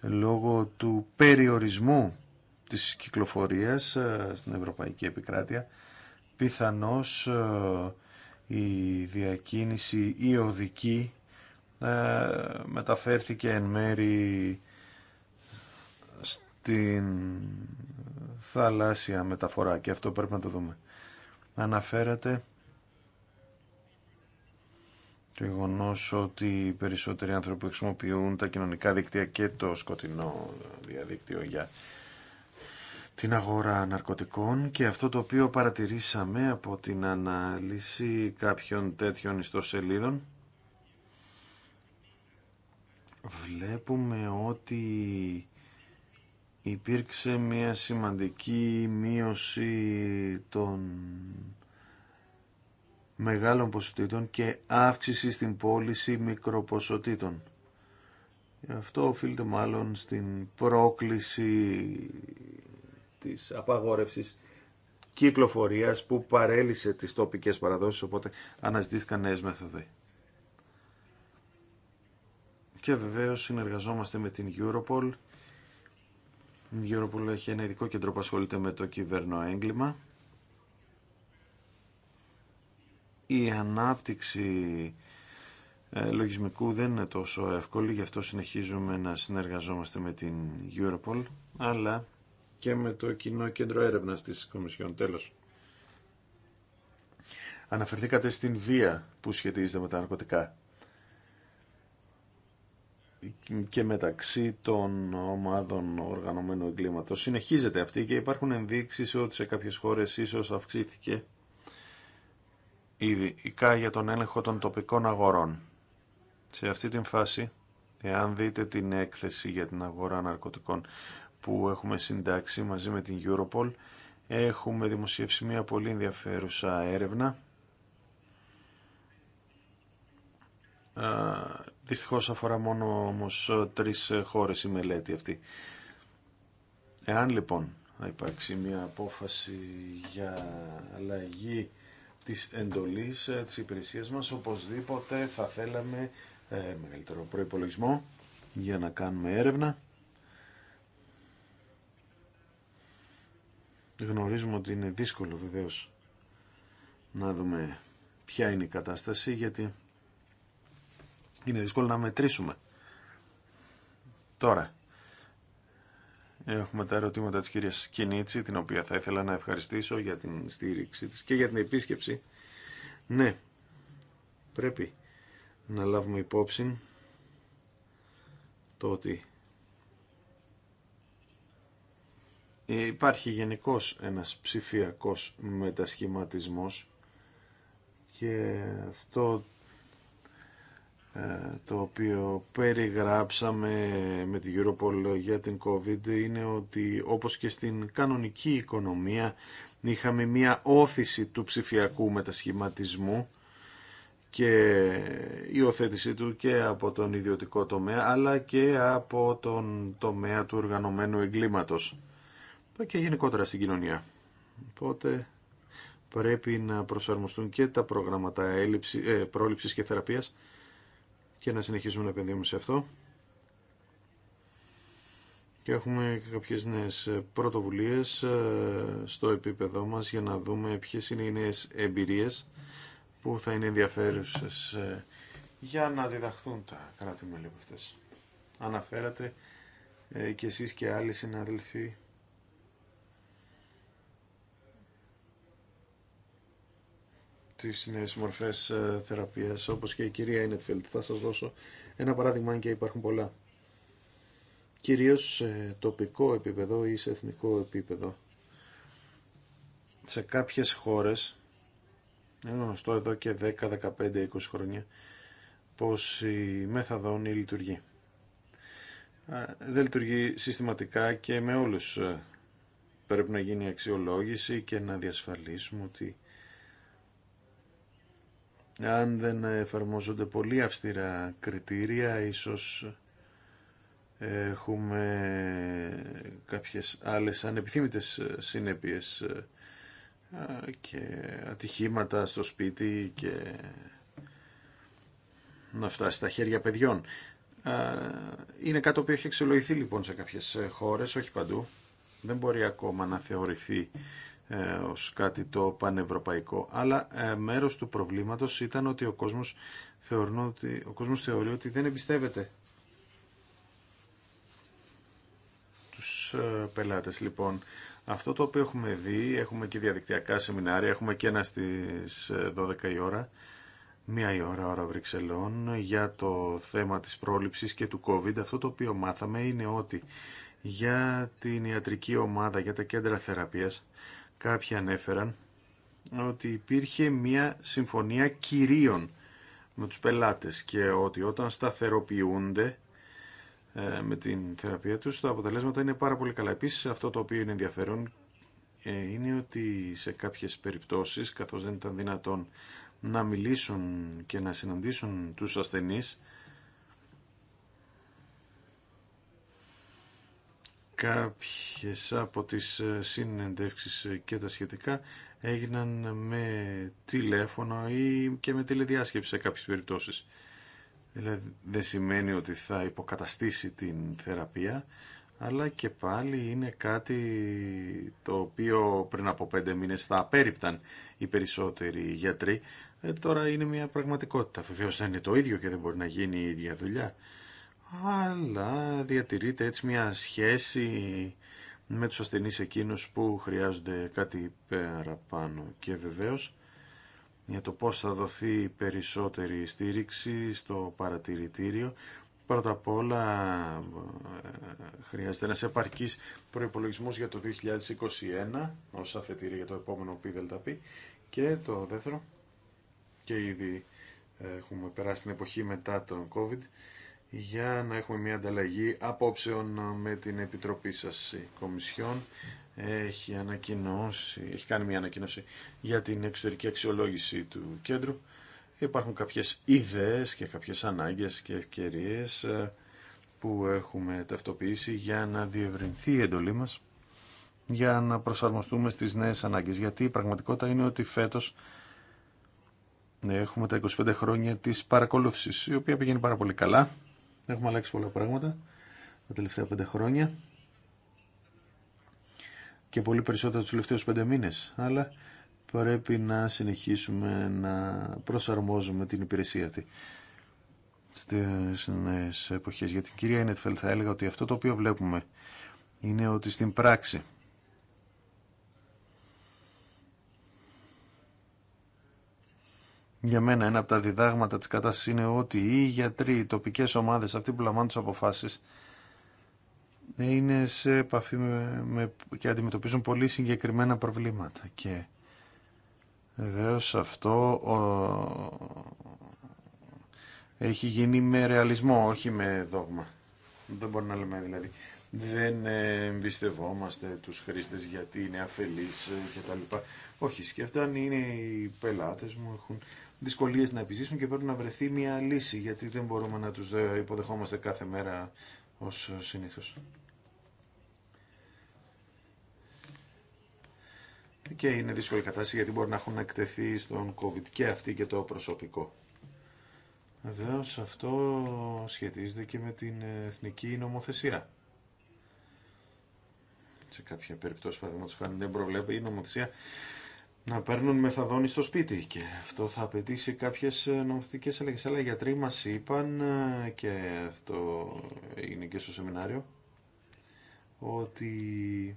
λόγω του περιορισμού της κυκλοφορίας ε, στην Ευρωπαϊκή Επικράτεια πιθανώς ε, η διακίνηση η οδική μεταφέρθηκε εν μέρη την θαλάσσια μεταφορά και αυτό πρέπει να το δούμε. Αναφέρατε το γεγονό ότι οι περισσότεροι άνθρωποι χρησιμοποιούν τα κοινωνικά δίκτυα και το σκοτεινό διαδίκτυο για την αγορά ναρκωτικών και αυτό το οποίο παρατηρήσαμε από την ανάλυση κάποιων τέτοιων ιστοσελίδων βλέπουμε ότι υπήρξε μια σημαντική μείωση των μεγάλων ποσοτήτων και αύξηση στην πώληση μικροποσοτήτων. Αυτό οφείλεται μάλλον στην πρόκληση της απαγόρευσης κυκλοφορίας που παρέλυσε τις τοπικές παραδόσεις, οπότε αναζητήθηκαν νέες μέθοδοι. Και βεβαίως συνεργαζόμαστε με την Europol η Europol έχει ένα ειδικό κέντρο που ασχολείται με το κυβερνό έγκλημα. Η ανάπτυξη ε, λογισμικού δεν είναι τόσο εύκολη, γι' αυτό συνεχίζουμε να συνεργαζόμαστε με την Europol, αλλά και με το κοινό κέντρο έρευνας της Κομισιόν. Τέλος. Αναφερθήκατε στην βία που σχετίζεται με τα ναρκωτικά και μεταξύ των ομάδων οργανωμένου εγκλήματος. Συνεχίζεται αυτή και υπάρχουν ενδείξεις ότι σε κάποιες χώρες ίσως αυξήθηκε ειδικά για τον έλεγχο των τοπικών αγορών. Σε αυτή την φάση, εάν δείτε την έκθεση για την αγορά ναρκωτικών που έχουμε συντάξει μαζί με την Europol, έχουμε δημοσιεύσει μια πολύ ενδιαφέρουσα έρευνα Δυστυχώς αφορά μόνο όμω ε, τρει ε, χώρε η μελέτη αυτή. Εάν λοιπόν θα υπάρξει μια απόφαση για αλλαγή της εντολής ε, της υπηρεσίας μας, οπωσδήποτε θα θέλαμε μεγαλύτερο προϋπολογισμό για να κάνουμε έρευνα. Γνωρίζουμε ότι είναι δύσκολο βεβαίως να δούμε ποια είναι η κατάσταση γιατί είναι δύσκολο να μετρήσουμε. Τώρα, έχουμε τα ερωτήματα της κυρίας Κινίτση, την οποία θα ήθελα να ευχαριστήσω για την στήριξη της και για την επίσκεψη. Ναι, πρέπει να λάβουμε υπόψη το ότι υπάρχει γενικός ένας ψηφιακός μετασχηματισμός και αυτό ε, το οποίο περιγράψαμε με την Europol για την COVID είναι ότι όπως και στην κανονική οικονομία είχαμε μία όθηση του ψηφιακού μετασχηματισμού και η οθέτησή του και από τον ιδιωτικό τομέα αλλά και από τον τομέα του οργανωμένου εγκλήματος και γενικότερα στην κοινωνία. Οπότε πρέπει να προσαρμοστούν και τα προγράμματα έλλειψη, ε, πρόληψης και θεραπείας και να συνεχίσουμε να επενδύουμε σε αυτό. Και έχουμε κάποιες νέες πρωτοβουλίες ε, στο επίπεδό μας για να δούμε ποιες είναι οι νέες εμπειρίες που θα είναι ενδιαφέρουσες ε, για να διδαχθούν τα κράτη μελή Αναφέρατε ε, και εσείς και άλλοι συνάδελφοι τις νέες μορφές ε, θεραπείας, όπως και η κυρία Ινετφέλτ. Θα σας δώσω ένα παράδειγμα, αν και υπάρχουν πολλά. Κυρίως σε τοπικό επίπεδο ή σε εθνικό επίπεδο. Σε κάποιες χώρες, είναι γνωστό εδώ και 10, 15, 20 χρόνια, πως η μεθαδόνη λειτουργεί. Ε, δεν λειτουργεί συστηματικά και με όλους. Ε, πρέπει να γίνει αξιολόγηση και να διασφαλίσουμε ότι αν δεν εφαρμόζονται πολύ αυστηρά κριτήρια, ίσως έχουμε κάποιες άλλες ανεπιθύμητες συνέπειες ε, και ατυχήματα στο σπίτι και να φτάσει στα χέρια παιδιών. Είναι κάτι που έχει εξολογηθεί λοιπόν σε κάποιες χώρες, όχι παντού. Δεν μπορεί ακόμα να θεωρηθεί ε, ως κάτι το πανευρωπαϊκό. Αλλά ε, μέρος του προβλήματος ήταν ότι ο κόσμος, ότι, ο κόσμος θεωρεί ότι δεν εμπιστεύεται τους ε, πελάτες. Λοιπόν, αυτό το οποίο έχουμε δει, έχουμε και διαδικτυακά σεμινάρια, έχουμε και ένα στις 12 η ώρα, μία η ώρα ώρα Βρυξελών, για το θέμα της πρόληψης και του COVID. Αυτό το οποίο μάθαμε είναι ότι για την ιατρική ομάδα, για τα κέντρα θεραπείας, Κάποιοι ανέφεραν ότι υπήρχε μια συμφωνία κυρίων με τους πελάτες και ότι όταν σταθεροποιούνται ε, με την θεραπεία τους τα αποτελέσματα είναι πάρα πολύ καλά. Επίσης αυτό το οποίο είναι ενδιαφέρον ε, είναι ότι σε κάποιες περιπτώσεις καθώς δεν ήταν δυνατόν να μιλήσουν και να συναντήσουν τους ασθενείς κάποιες από τις ε, συνεντεύξεις ε, και τα σχετικά έγιναν με τηλέφωνο ή και με τηλεδιάσκεψη σε κάποιες περιπτώσεις. Δηλαδή δεν σημαίνει ότι θα υποκαταστήσει την θεραπεία, αλλά και πάλι είναι κάτι το οποίο πριν από πέντε μήνες θα απέριπταν οι περισσότεροι γιατροί. Ε, τώρα είναι μια πραγματικότητα. Βεβαίω δεν είναι το ίδιο και δεν μπορεί να γίνει η ίδια δουλειά αλλά διατηρείται έτσι μια σχέση με τους ασθενείς εκείνους που χρειάζονται κάτι παραπάνω. Και βεβαίως για το πώς θα δοθεί περισσότερη στήριξη στο παρατηρητήριο. Πρώτα απ' όλα ε, χρειάζεται ένας επαρκής προϋπολογισμός για το 2021 ως αφετηρία για το επόμενο ΠΔΠ και το δεύτερο και ήδη έχουμε περάσει την εποχή μετά τον COVID για να έχουμε μια ανταλλαγή απόψεων με την Επιτροπή σας η Κομισιόν. Έχει, ανακοινώσει, έχει κάνει μια ανακοίνωση για την εξωτερική αξιολόγηση του κέντρου. Υπάρχουν κάποιες ιδέες και κάποιες ανάγκες και ευκαιρίε ε, που έχουμε ταυτοποιήσει για να διευρυνθεί η εντολή μας, για να προσαρμοστούμε στις νέες ανάγκες. Γιατί η πραγματικότητα είναι ότι φέτος έχουμε τα 25 χρόνια της παρακολούθησης, η οποία πηγαίνει πάρα πολύ καλά. Έχουμε αλλάξει πολλά πράγματα τα τελευταία πέντε χρόνια και πολύ περισσότερα τους τελευταίους πέντε μήνες. Αλλά πρέπει να συνεχίσουμε να προσαρμόζουμε την υπηρεσία αυτή στις νέες εποχές. Για την κυρία Ενετφέλ θα έλεγα ότι αυτό το οποίο βλέπουμε είναι ότι στην πράξη Για μένα ένα από τα διδάγματα της κατάστασης είναι ότι οι γιατροί, οι τοπικές ομάδες, αυτοί που λαμβάνουν τις αποφάσεις, είναι σε επαφή με, και αντιμετωπίζουν πολύ συγκεκριμένα προβλήματα. Και βεβαίω αυτό έχει γίνει με ρεαλισμό, όχι με δόγμα. Δεν μπορεί να λέμε δηλαδή. Δεν εμπιστευόμαστε τους χρήστες γιατί είναι αφελείς κτλ. Όχι, αν είναι οι πελάτες μου, έχουν δυσκολίες να επιζήσουν και πρέπει να βρεθεί μια λύση γιατί δεν μπορούμε να τους ε, υποδεχόμαστε κάθε μέρα ως συνήθως. Και είναι δύσκολη κατάσταση γιατί μπορεί να έχουν εκτεθεί στον COVID και αυτή και το προσωπικό. Βεβαίω αυτό σχετίζεται και με την εθνική νομοθεσία. Σε κάποια περιπτώσει, παραδείγματο χάρη, δεν προβλέπει η νομοθεσία να παίρνουν μεθαδόνη στο σπίτι και αυτό θα απαιτήσει κάποιες ε, νομοθετικές αλλαγές. Αλλά οι γιατροί μας είπαν ε, και αυτό έγινε και στο σεμινάριο ότι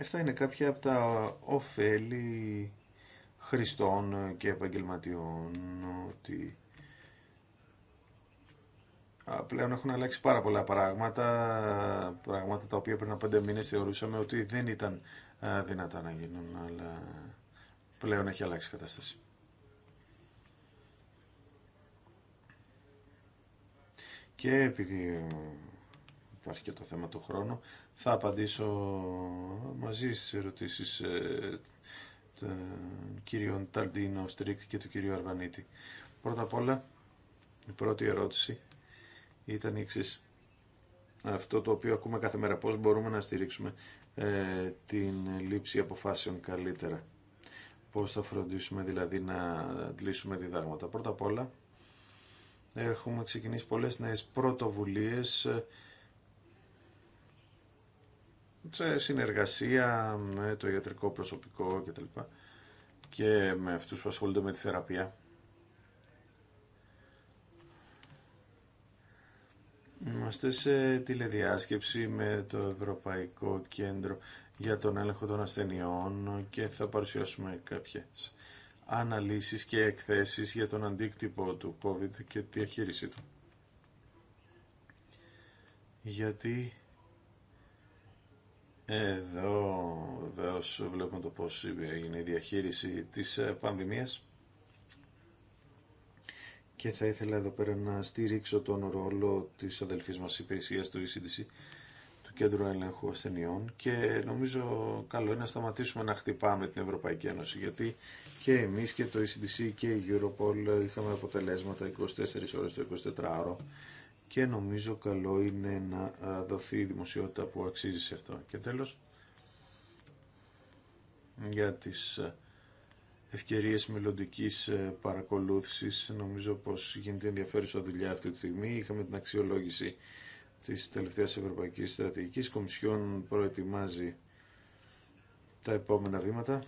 αυτά είναι κάποια από τα ωφέλη χρηστών και επαγγελματιών ότι πλέον έχουν αλλάξει πάρα πολλά πράγματα, πράγματα τα οποία πριν από πέντε μήνες θεωρούσαμε ότι δεν ήταν ε, δυνατά να γίνουν, αλλά πλέον έχει αλλάξει η κατάσταση. Και επειδή υπάρχει και το θέμα του χρόνου, θα απαντήσω μαζί στις ερωτήσεις ε, των κυρίων Ταλντίνο Στρίκ και του κυρίου Αρβανίτη. Πρώτα απ' όλα, η πρώτη ερώτηση ήταν η εξής. Αυτό το οποίο ακούμε κάθε μέρα, πώς μπορούμε να στηρίξουμε ε, την λήψη αποφάσεων καλύτερα. Πώς θα φροντίσουμε δηλαδή να λύσουμε διδάγματα. Πρώτα απ' όλα έχουμε ξεκινήσει πολλές νέες πρωτοβουλίες ε, σε συνεργασία με το ιατρικό προσωπικό κτλ. Και με αυτούς που ασχολούνται με τη θεραπεία. Είμαστε σε τηλεδιάσκεψη με το Ευρωπαϊκό Κέντρο για τον έλεγχο των ασθενειών και θα παρουσιάσουμε κάποιες αναλύσεις και εκθέσεις για τον αντίκτυπο του COVID και τη διαχείρισή του. Γιατί εδώ βεβαίω βλέπουμε το πώς έγινε η διαχείριση της πανδημίας και θα ήθελα εδώ πέρα να στηρίξω τον ρόλο της αδελφής μας υπηρεσίας του ECDC του Κέντρου Ελέγχου Ασθενειών και νομίζω καλό είναι να σταματήσουμε να χτυπάμε την Ευρωπαϊκή Ένωση γιατί και εμείς και το ECDC και η Europol είχαμε αποτελέσματα 24 ώρες το 24ωρο και νομίζω καλό είναι να δοθεί η δημοσιότητα που αξίζει σε αυτό. Και τέλος, για τις ευκαιρίες μελλοντική ε, παρακολούθησης. Νομίζω πως γίνεται ενδιαφέρουσα δουλειά αυτή τη στιγμή. Είχαμε την αξιολόγηση της τελευταίας Ευρωπαϊκής Στρατηγικής. Κομισιόν προετοιμάζει τα επόμενα βήματα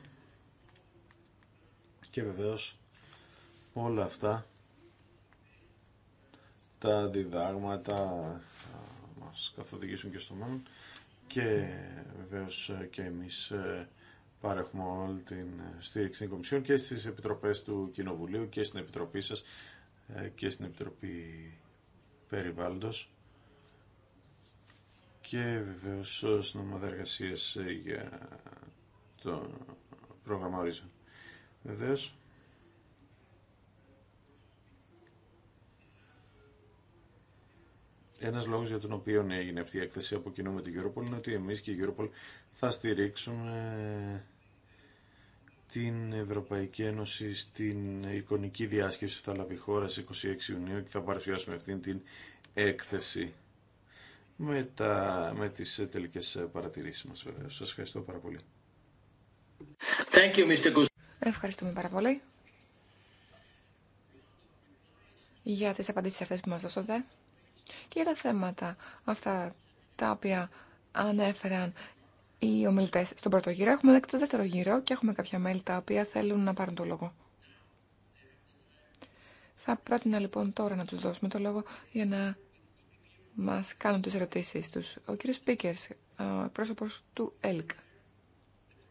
και βεβαίως όλα αυτά τα διδάγματα θα μας καθοδηγήσουν και στο μέλλον και βεβαίως ε, και εμείς ε, παρέχουμε όλη την στήριξη των κομισιών και στις επιτροπές του Κοινοβουλίου και στην Επιτροπή σας ε, και στην Επιτροπή Περιβάλλοντος και βεβαίως στην ομάδα για το πρόγραμμα Horizon. Βεβαίως, Ένα λόγο για τον οποίο έγινε αυτή η έκθεση από κοινού με την Europol είναι ότι εμείς και η Europol θα στηρίξουμε την Ευρωπαϊκή Ένωση στην εικονική διάσκεψη που θα λάβει χώρα στις 26 Ιουνίου και θα παρουσιάσουμε αυτήν την έκθεση με, τα, με τις τελικές παρατηρήσεις μας βέβαια. Σας ευχαριστώ πάρα πολύ. Thank you, Mr. Ευχαριστούμε πάρα πολύ για τις απαντήσεις αυτές που μας δώσατε και για τα θέματα αυτά τα οποία ανέφεραν οι ομιλητέ στον πρώτο γύρο. Έχουμε το δεύτερο γύρο και έχουμε κάποια μέλη τα οποία θέλουν να πάρουν το λόγο. Θα πρότεινα λοιπόν τώρα να του δώσουμε το λόγο για να μας κάνουν τι ερωτήσεις τους. Ο κύριος Πίκερς, πρόσωπο του ΕΛΚ.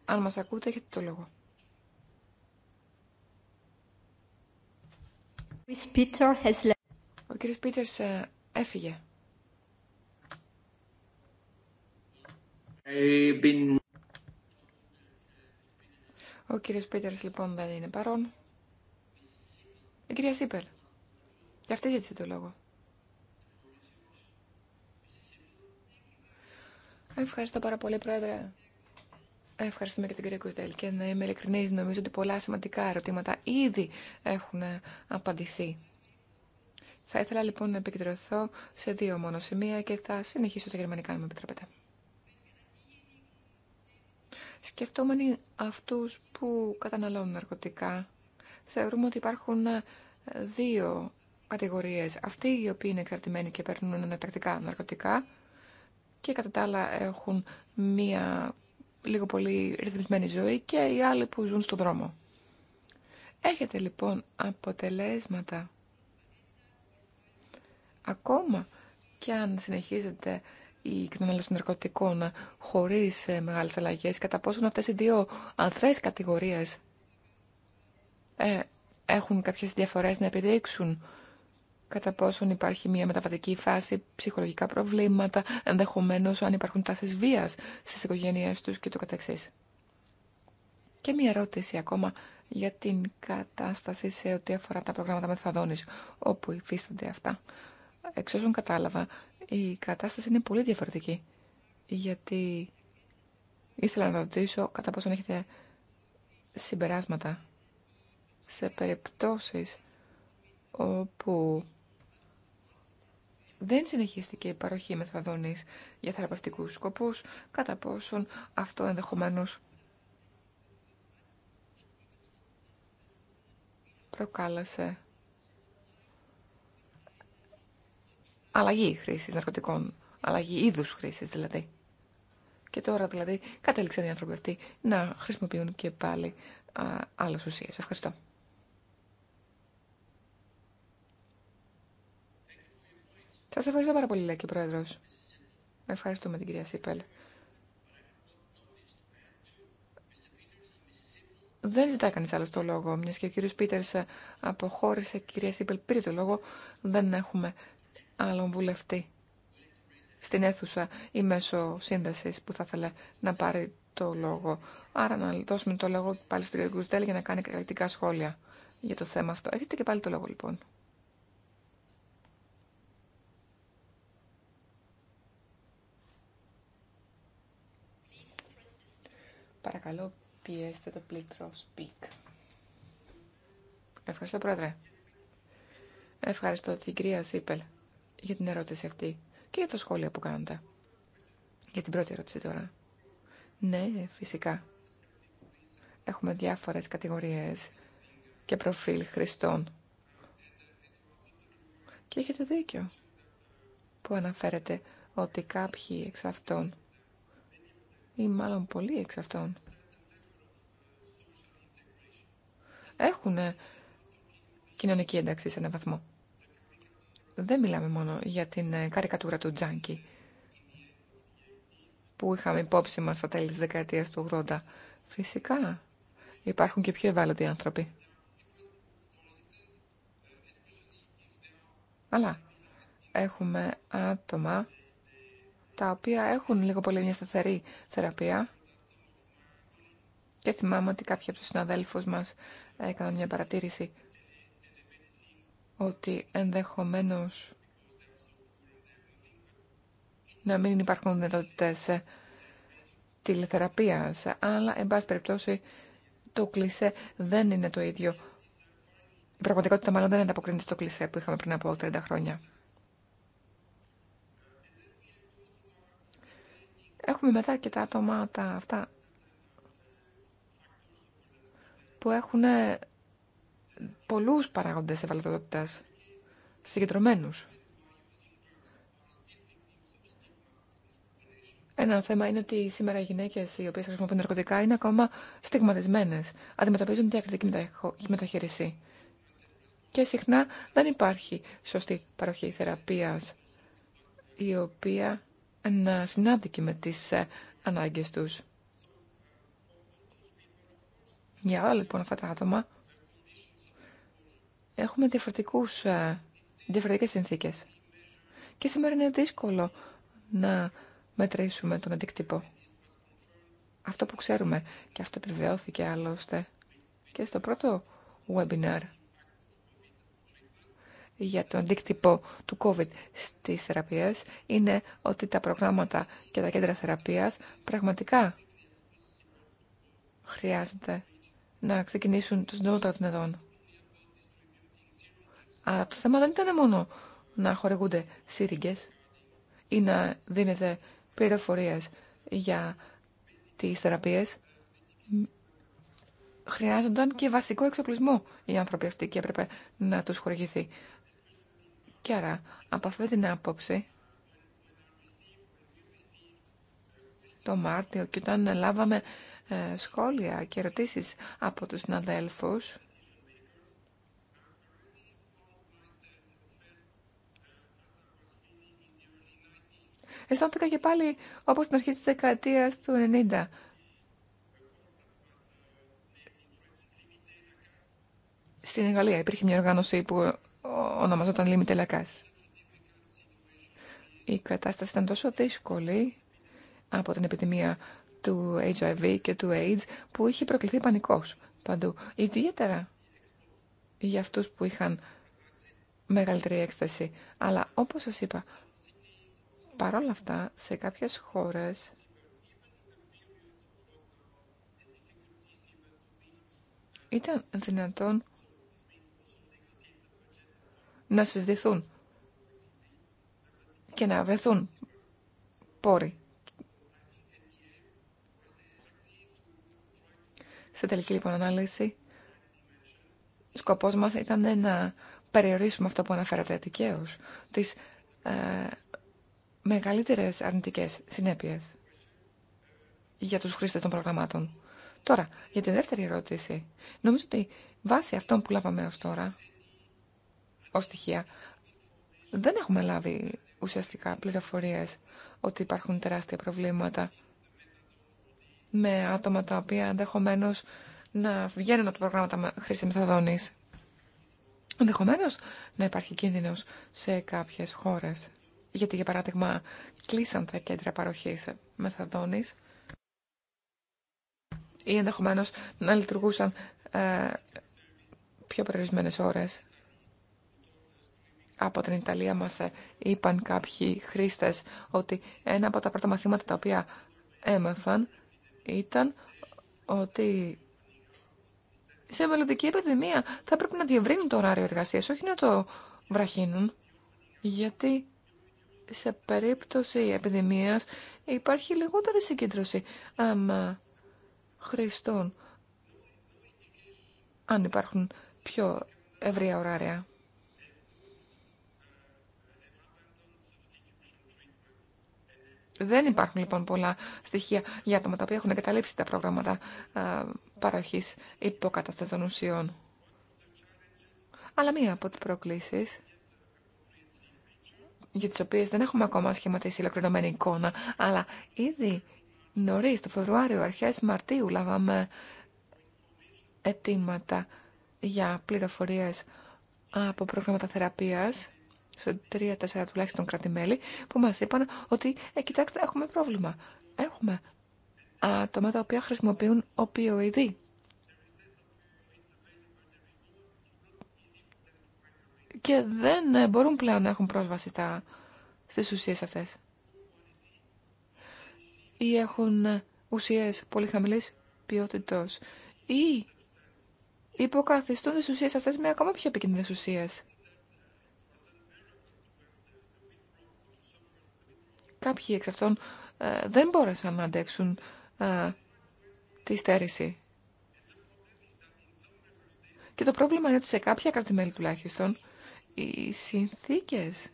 Αν μας ακούτε, έχετε το λόγο. Ο κύριος Πίτερς ε, έφυγε. Ο κύριος Πίτερς λοιπόν δεν είναι παρόν. Η κυρία Σίπελ. Για αυτή ζήτησε το λόγο. Ευχαριστώ πάρα πολύ, Πρόεδρε. Ευχαριστούμε και την κυρία Κουζδέλ. Και να είμαι ειλικρινή, νομίζω ότι πολλά σημαντικά ερωτήματα ήδη έχουν απαντηθεί. Θα ήθελα λοιπόν να επικεντρωθώ σε δύο μόνο σημεία και θα συνεχίσω στα γερμανικά, αν με επιτρέπετε. Σκεφτόμενοι αυτούς που καταναλώνουν ναρκωτικά, θεωρούμε ότι υπάρχουν ε, δύο κατηγορίες. Αυτοί οι οποίοι είναι εξαρτημένοι και παίρνουν ανατακτικά ναρκωτικά και κατά τα άλλα έχουν μία λίγο πολύ ρυθμισμένη ζωή και οι άλλοι που ζουν στον δρόμο. Έχετε λοιπόν αποτελέσματα ακόμα και αν συνεχίζετε η κατανάλωση των ναρκωτικών χωρίς ε, μεγάλες αλλαγέ, κατά πόσον αυτέ οι δύο ανθρές κατηγορίες ε, έχουν κάποιε διαφορέ να επιδείξουν κατά πόσον υπάρχει μια μεταβατική φάση, ψυχολογικά προβλήματα, ενδεχομένω αν υπάρχουν τάσεις βίας στις οικογένειές τους και το καθεξής. Και μια ερώτηση ακόμα για την κατάσταση σε ό,τι αφορά τα προγράμματα μεθαδόνης, όπου υφίστανται αυτά. Εξ όσων κατάλαβα, η κατάσταση είναι πολύ διαφορετική. Γιατί ήθελα να ρωτήσω κατά πόσον έχετε συμπεράσματα σε περιπτώσεις όπου δεν συνεχίστηκε η παροχή μεθαδόνης για θεραπευτικούς σκοπούς, κατά πόσον αυτό ενδεχομένως προκάλεσε αλλαγή χρήση ναρκωτικών, αλλαγή είδου χρήση, δηλαδή. Και τώρα δηλαδή κατέληξαν οι άνθρωποι αυτοί να χρησιμοποιούν και πάλι άλλε άλλες Ευχαριστώ. Σα ευχαριστώ πάρα πολύ, λέει και ο Ευχαριστούμε την κυρία Σίπελ. Δεν ζητά κανεί άλλο το λόγο. Μια και ο κύριο Πίτερ ε, αποχώρησε, η κυρία Σίπελ πήρε το λόγο. Δεν έχουμε άλλον βουλευτή στην αίθουσα ή μέσω σύνδεση που θα ήθελε να πάρει το λόγο. Άρα να δώσουμε το λόγο πάλι στον κύριο Κουζτέλ για να κάνει κρατικά σχόλια για το θέμα αυτό. Έχετε και πάλι το λόγο λοιπόν. Παρακαλώ πιέστε το πλήκτρο speak. Ευχαριστώ πρόεδρε. Ευχαριστώ την κυρία Σίπελ για την ερώτηση αυτή και για τα σχόλια που κάνετε Για την πρώτη ερώτηση τώρα. Ναι, φυσικά. Έχουμε διάφορες κατηγορίες και προφίλ χρηστών. Και έχετε δίκιο που αναφέρετε ότι κάποιοι εξ αυτών ή μάλλον πολλοί εξ αυτών έχουν κοινωνική ένταξη σε έναν βαθμό δεν μιλάμε μόνο για την ε, καρικατούρα του Τζάνκι που είχαμε υπόψη μας στα τέλη της δεκαετίας του 80. Φυσικά υπάρχουν και πιο ευάλωτοι άνθρωποι. Αλλά έχουμε άτομα τα οποία έχουν λίγο πολύ μια σταθερή θεραπεία και θυμάμαι ότι κάποιοι από τους συναδέλφους μας έκαναν μια παρατήρηση ότι ενδεχομένως να μην υπάρχουν δυνατότητες τηλεθεραπείας, αλλά εν πάση περιπτώσει το κλισέ δεν είναι το ίδιο. Η πραγματικότητα μάλλον δεν ανταποκρίνεται στο κλισέ που είχαμε πριν από 30 χρόνια. Έχουμε μετά και τα άτομα τα αυτά που έχουν πολλούς παράγοντες ευαλωτότητας, συγκεντρωμένους. Ένα θέμα είναι ότι σήμερα οι γυναίκε οι οποίε χρησιμοποιούν ναρκωτικά είναι ακόμα στιγματισμένε. Αντιμετωπίζουν διακριτική μεταχείριση. Και συχνά δεν υπάρχει σωστή παροχή θεραπεία η οποία να συνάντηκε με τι ε, ανάγκε του. Για όλα λοιπόν αυτά τα άτομα έχουμε διαφορετικούς, ε, διαφορετικές συνθήκες. Και σήμερα είναι δύσκολο να μετρήσουμε τον αντίκτυπο. Αυτό που ξέρουμε και αυτό επιβεβαιώθηκε άλλωστε και στο πρώτο webinar για τον αντίκτυπο του COVID στις θεραπείες είναι ότι τα προγράμματα και τα κέντρα θεραπείας πραγματικά χρειάζεται να ξεκινήσουν το συντομότερο δυνατόν. Αλλά το θέμα δεν ήταν μόνο να χορηγούνται σύριγγες ή να δίνεται πληροφορίε για τις θεραπείες. Χρειάζονταν και βασικό εξοπλισμό οι άνθρωποι αυτοί και έπρεπε να τους χορηγηθεί. Και άρα, από αυτή την άποψη, το Μάρτιο και όταν λάβαμε ε, σχόλια και ερωτήσεις από τους συναδέλφους, αισθάνθηκα και πάλι όπως στην αρχή της δεκαετίας του 90. Στην Γαλλία υπήρχε μια οργάνωση που ονομαζόταν Λίμι Τελακάς. Η κατάσταση ήταν τόσο δύσκολη από την επιδημία του HIV και του AIDS που είχε προκληθεί πανικός παντού. Ιδιαίτερα για αυτούς που είχαν μεγαλύτερη έκθεση. Αλλά όπως σας είπα, Παρ' αυτά, σε κάποιες χώρες ήταν δυνατόν να συζητηθούν και να βρεθούν πόροι. Σε τελική λοιπόν ανάλυση, σκοπός μας ήταν να περιορίσουμε αυτό που αναφέρατε δικαίως, τις ε, μεγαλύτερες αρνητικές συνέπειες για τους χρήστες των προγραμμάτων. Τώρα, για τη δεύτερη ερώτηση. Νομίζω ότι βάσει αυτών που λάβαμε ως τώρα, ως στοιχεία, δεν έχουμε λάβει ουσιαστικά πληροφορίες ότι υπάρχουν τεράστια προβλήματα με άτομα τα οποία ενδεχομένω να βγαίνουν από τα προγράμματα χρήση μεθαδόνης. Ενδεχομένω να υπάρχει κίνδυνος σε κάποιες χώρες. Γιατί, για παράδειγμα, κλείσαν τα κέντρα παροχής μεθαδόνης ή ενδεχομένως να λειτουργούσαν ε, πιο περιορισμένες ώρες. Από την Ιταλία μας ε, είπαν κάποιοι χρήστες ότι ένα από τα πρώτα μαθήματα τα οποία έμαθαν ήταν ότι σε μελλοντική επιδημία θα πρέπει να διευρύνουν το ωράριο εργασίας, όχι να το βραχύνουν, γιατί σε περίπτωση επιδημίας υπάρχει λιγότερη συγκέντρωση χρηστών αν υπάρχουν πιο ευρεία ωράρια. Δεν υπάρχουν λοιπόν πολλά στοιχεία για άτομα τα οποία έχουν εγκαταλείψει τα πρόγραμματα α, παροχής υποκαταστατών ουσιών. Αλλά μία από τις προκλήσεις για τις οποίες δεν έχουμε ακόμα σχηματίσει ολοκληρωμένη εικόνα, αλλά ήδη νωρίς, το Φεβρουάριο, αρχές Μαρτίου, λάβαμε αιτήματα για πληροφορίες από πρόγραμματα θεραπείας σε τρία-τέσσερα τουλάχιστον κράτη-μέλη που μας είπαν ότι ε, κοιτάξτε έχουμε πρόβλημα. Έχουμε άτομα τα οποία χρησιμοποιούν οπιοειδή και δεν ε, μπορούν πλέον να έχουν πρόσβαση στα, στις ουσίες αυτές. Ή έχουν ε, ουσίες πολύ χαμηλής ποιότητος ή υποκαθιστούν τις ουσίες αυτές με ακόμα πιο επικίνδυνες ουσίες. Κάποιοι εξ αυτών ε, δεν μπόρεσαν να αντέξουν ε, τη στέρηση. Και το πρόβλημα είναι ότι σε κάποια κρατημέλη τουλάχιστον οι συνθήκες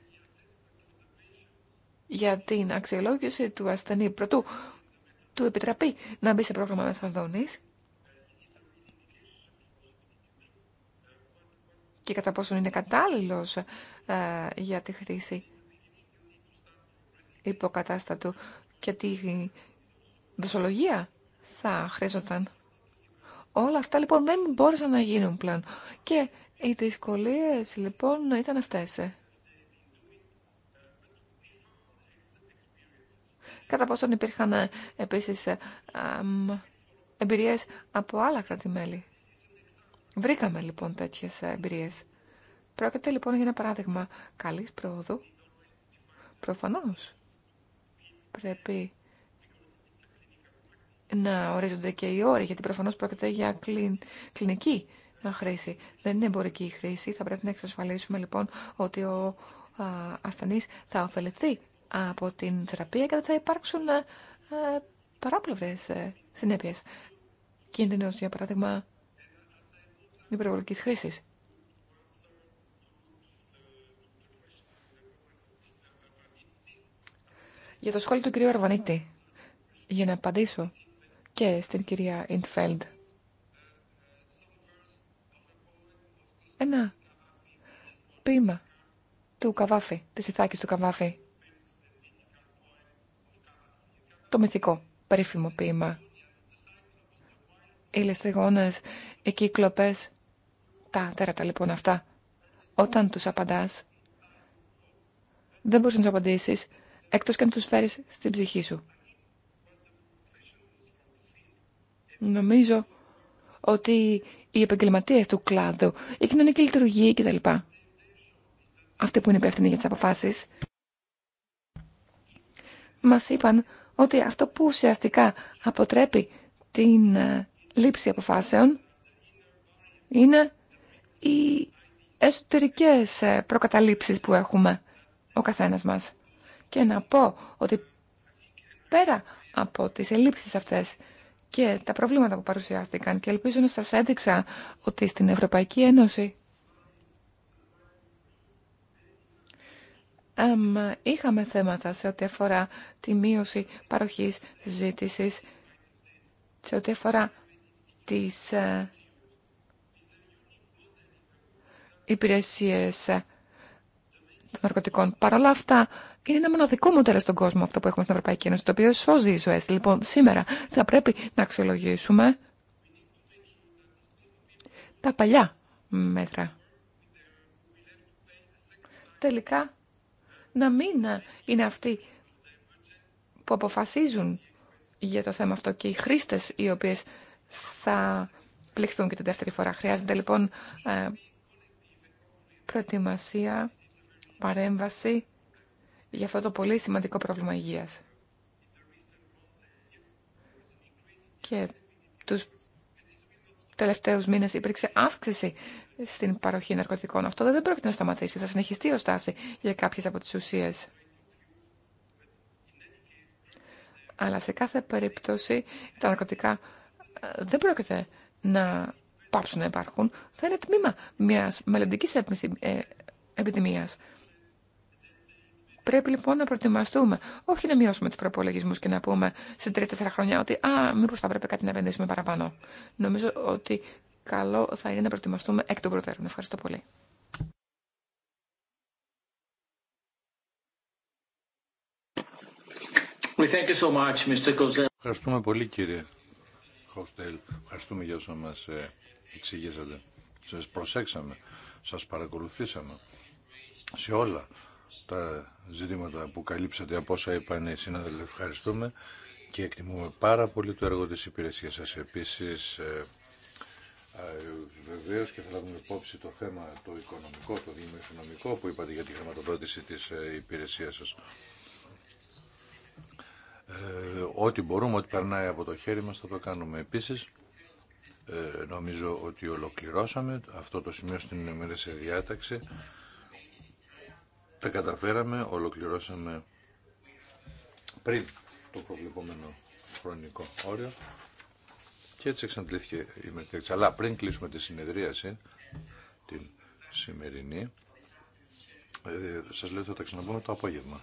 για την αξιολόγηση του ασθενή πρωτού του επιτραπεί να μπει σε πρόγραμμα μεθαδόνης και κατά πόσον είναι κατάλληλος ε, για τη χρήση υποκατάστατου και τη δοσολογία θα χρειαζόταν. Όλα αυτά λοιπόν δεν μπόρεσαν να γίνουν πλέον. Και οι δυσκολίε λοιπόν ήταν αυτές. Ε. Κατά πόσον υπήρχαν ε, επίσης ε, εμπειρίες από άλλα Βρήκαμε λοιπόν τέτοιες εμπειρίες. Πρόκειται λοιπόν για ένα παράδειγμα καλής πρόοδου. Προφανώς πρέπει να ορίζονται και οι όροι, γιατί προφανώ πρόκειται για κλινική χρήση. Δεν είναι εμπορική η χρήση. Θα πρέπει να εξασφαλίσουμε λοιπόν ότι ο ασθενή θα ωφεληθεί από την θεραπεία και δεν θα υπάρξουν παράπλευρε ε, συνέπειες. Κίνδυνο, για παράδειγμα, υπερβολικής χρήση. Για το σχόλιο του κ. Αρβανίτη, για να απαντήσω και στην κυρία Ιντφέλντ. Ένα ποίημα του Καβάφη, της Ιθάκης του Καβάφη. Το μυθικό, περίφημο ποίημα. Οι λεστριγόνες, οι κύκλοπες, τα τέρατα λοιπόν αυτά. Όταν τους απαντάς, δεν μπορείς να τους απαντήσεις, εκτός και να τους φέρεις στην ψυχή σου. Νομίζω ότι οι επαγγελματίε του κλάδου, η κοινωνική λειτουργία κτλ. Αυτοί που είναι υπεύθυνοι για τι αποφάσει, μα είπαν ότι αυτό που ουσιαστικά αποτρέπει την ε, λήψη αποφάσεων είναι οι εσωτερικές ε, προκαταλήψεις που έχουμε ο καθένας μας. Και να πω ότι πέρα από τις ελλείψεις αυτές και τα προβλήματα που παρουσιάστηκαν και ελπίζω να σας έδειξα ότι στην Ευρωπαϊκή Ένωση είχαμε θέματα σε ό,τι αφορά τη μείωση παροχής ζήτησης, σε ό,τι αφορά τις ε, υπηρεσίες ε, των ναρκωτικών. Παρ' όλα αυτά, είναι ένα μοναδικό μοντέλο στον κόσμο αυτό που έχουμε στην Ευρωπαϊκή Ένωση, το οποίο σώζει οι ζωέ. Λοιπόν, σήμερα θα πρέπει να αξιολογήσουμε τα παλιά μέτρα. Τελικά, να μην είναι αυτοί που αποφασίζουν για το θέμα αυτό και οι χρήστε οι οποίε θα πληχθούν και την δεύτερη φορά. Χρειάζεται λοιπόν ε, προετοιμασία, παρέμβαση για αυτό το πολύ σημαντικό πρόβλημα υγείας. Και τους τελευταίους μήνες υπήρξε αύξηση στην παροχή ναρκωτικών. Αυτό δεν πρόκειται να σταματήσει. Θα συνεχιστεί ο στάση για κάποιες από τις ουσίες. Αλλά σε κάθε περίπτωση τα ναρκωτικά ε, δεν πρόκειται να πάψουν να υπάρχουν. Θα είναι τμήμα μιας μελλοντικής ε, επιδημίας. Πρέπει λοιπόν να προετοιμαστούμε. Όχι να μειώσουμε του προπολογισμού και να πούμε σε τρία-τέσσερα χρόνια ότι α, μήπω θα πρέπει κάτι να επενδύσουμε παραπάνω. Νομίζω ότι καλό θα είναι να προετοιμαστούμε εκ των προτέρων. Ευχαριστώ πολύ. Ευχαριστούμε πολύ κύριε Χοστέλ. Ευχαριστούμε για όσα μας ε, εξηγήσατε. Σας προσέξαμε, σας παρακολουθήσαμε σε όλα τα ζητήματα που καλύψατε από όσα είπαν οι συνάδελφοι. Ευχαριστούμε και εκτιμούμε πάρα πολύ το έργο της υπηρεσίας σας. Επίσης, ε, βεβαίως και θα λάβουμε υπόψη το θέμα το οικονομικό, το δημοσιονομικό που είπατε για τη χρηματοδότηση της ε, υπηρεσίας σας. Ε, ό,τι μπορούμε, ό,τι περνάει από το χέρι μας θα το κάνουμε. Επίσης, νομίζω ότι ολοκληρώσαμε αυτό το σημείο στην ημέρα σε διάταξη. Τα καταφέραμε, ολοκληρώσαμε πριν το προβλεπόμενο χρονικό όριο και έτσι εξαντλήθηκε η μερική Αλλά πριν κλείσουμε τη συνεδρίαση, την σημερινή, ε, σας λέω θα τα ξαναπούμε το απόγευμα.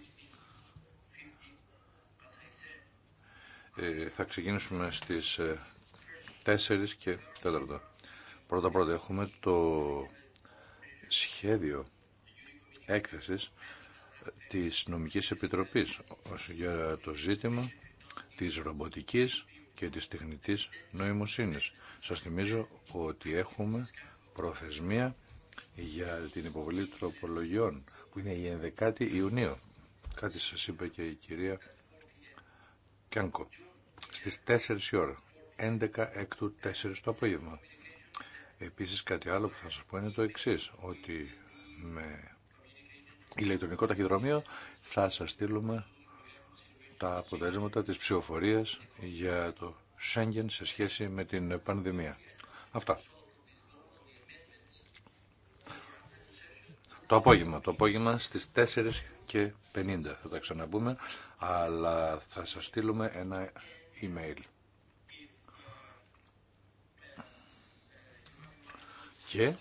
Ε, θα ξεκινήσουμε στις 4 ε, και 4. Πρώτα πρώτα έχουμε το σχέδιο έκθεσης της Νομικής Επιτροπής για το ζήτημα της ρομποτικής και της τεχνητής νοημοσύνης. Σας θυμίζω ότι έχουμε προθεσμία για την υποβολή τροπολογιών που είναι η 11η Ιουνίου. Κάτι σας είπα και η κυρία Κιάνκο. Στις 4 η ώρα. 11 4 το απόγευμα. Επίσης κάτι άλλο που θα σας πω είναι το εξής, ότι με ηλεκτρονικό ταχυδρομείο θα σας στείλουμε τα αποτελέσματα της ψηφοφορίας για το Schengen σε σχέση με την πανδημία. Αυτά. Το απόγευμα, το απόγευμα στις 4 και 50 θα τα ξαναπούμε, αλλά θα σας στείλουμε ένα email. Και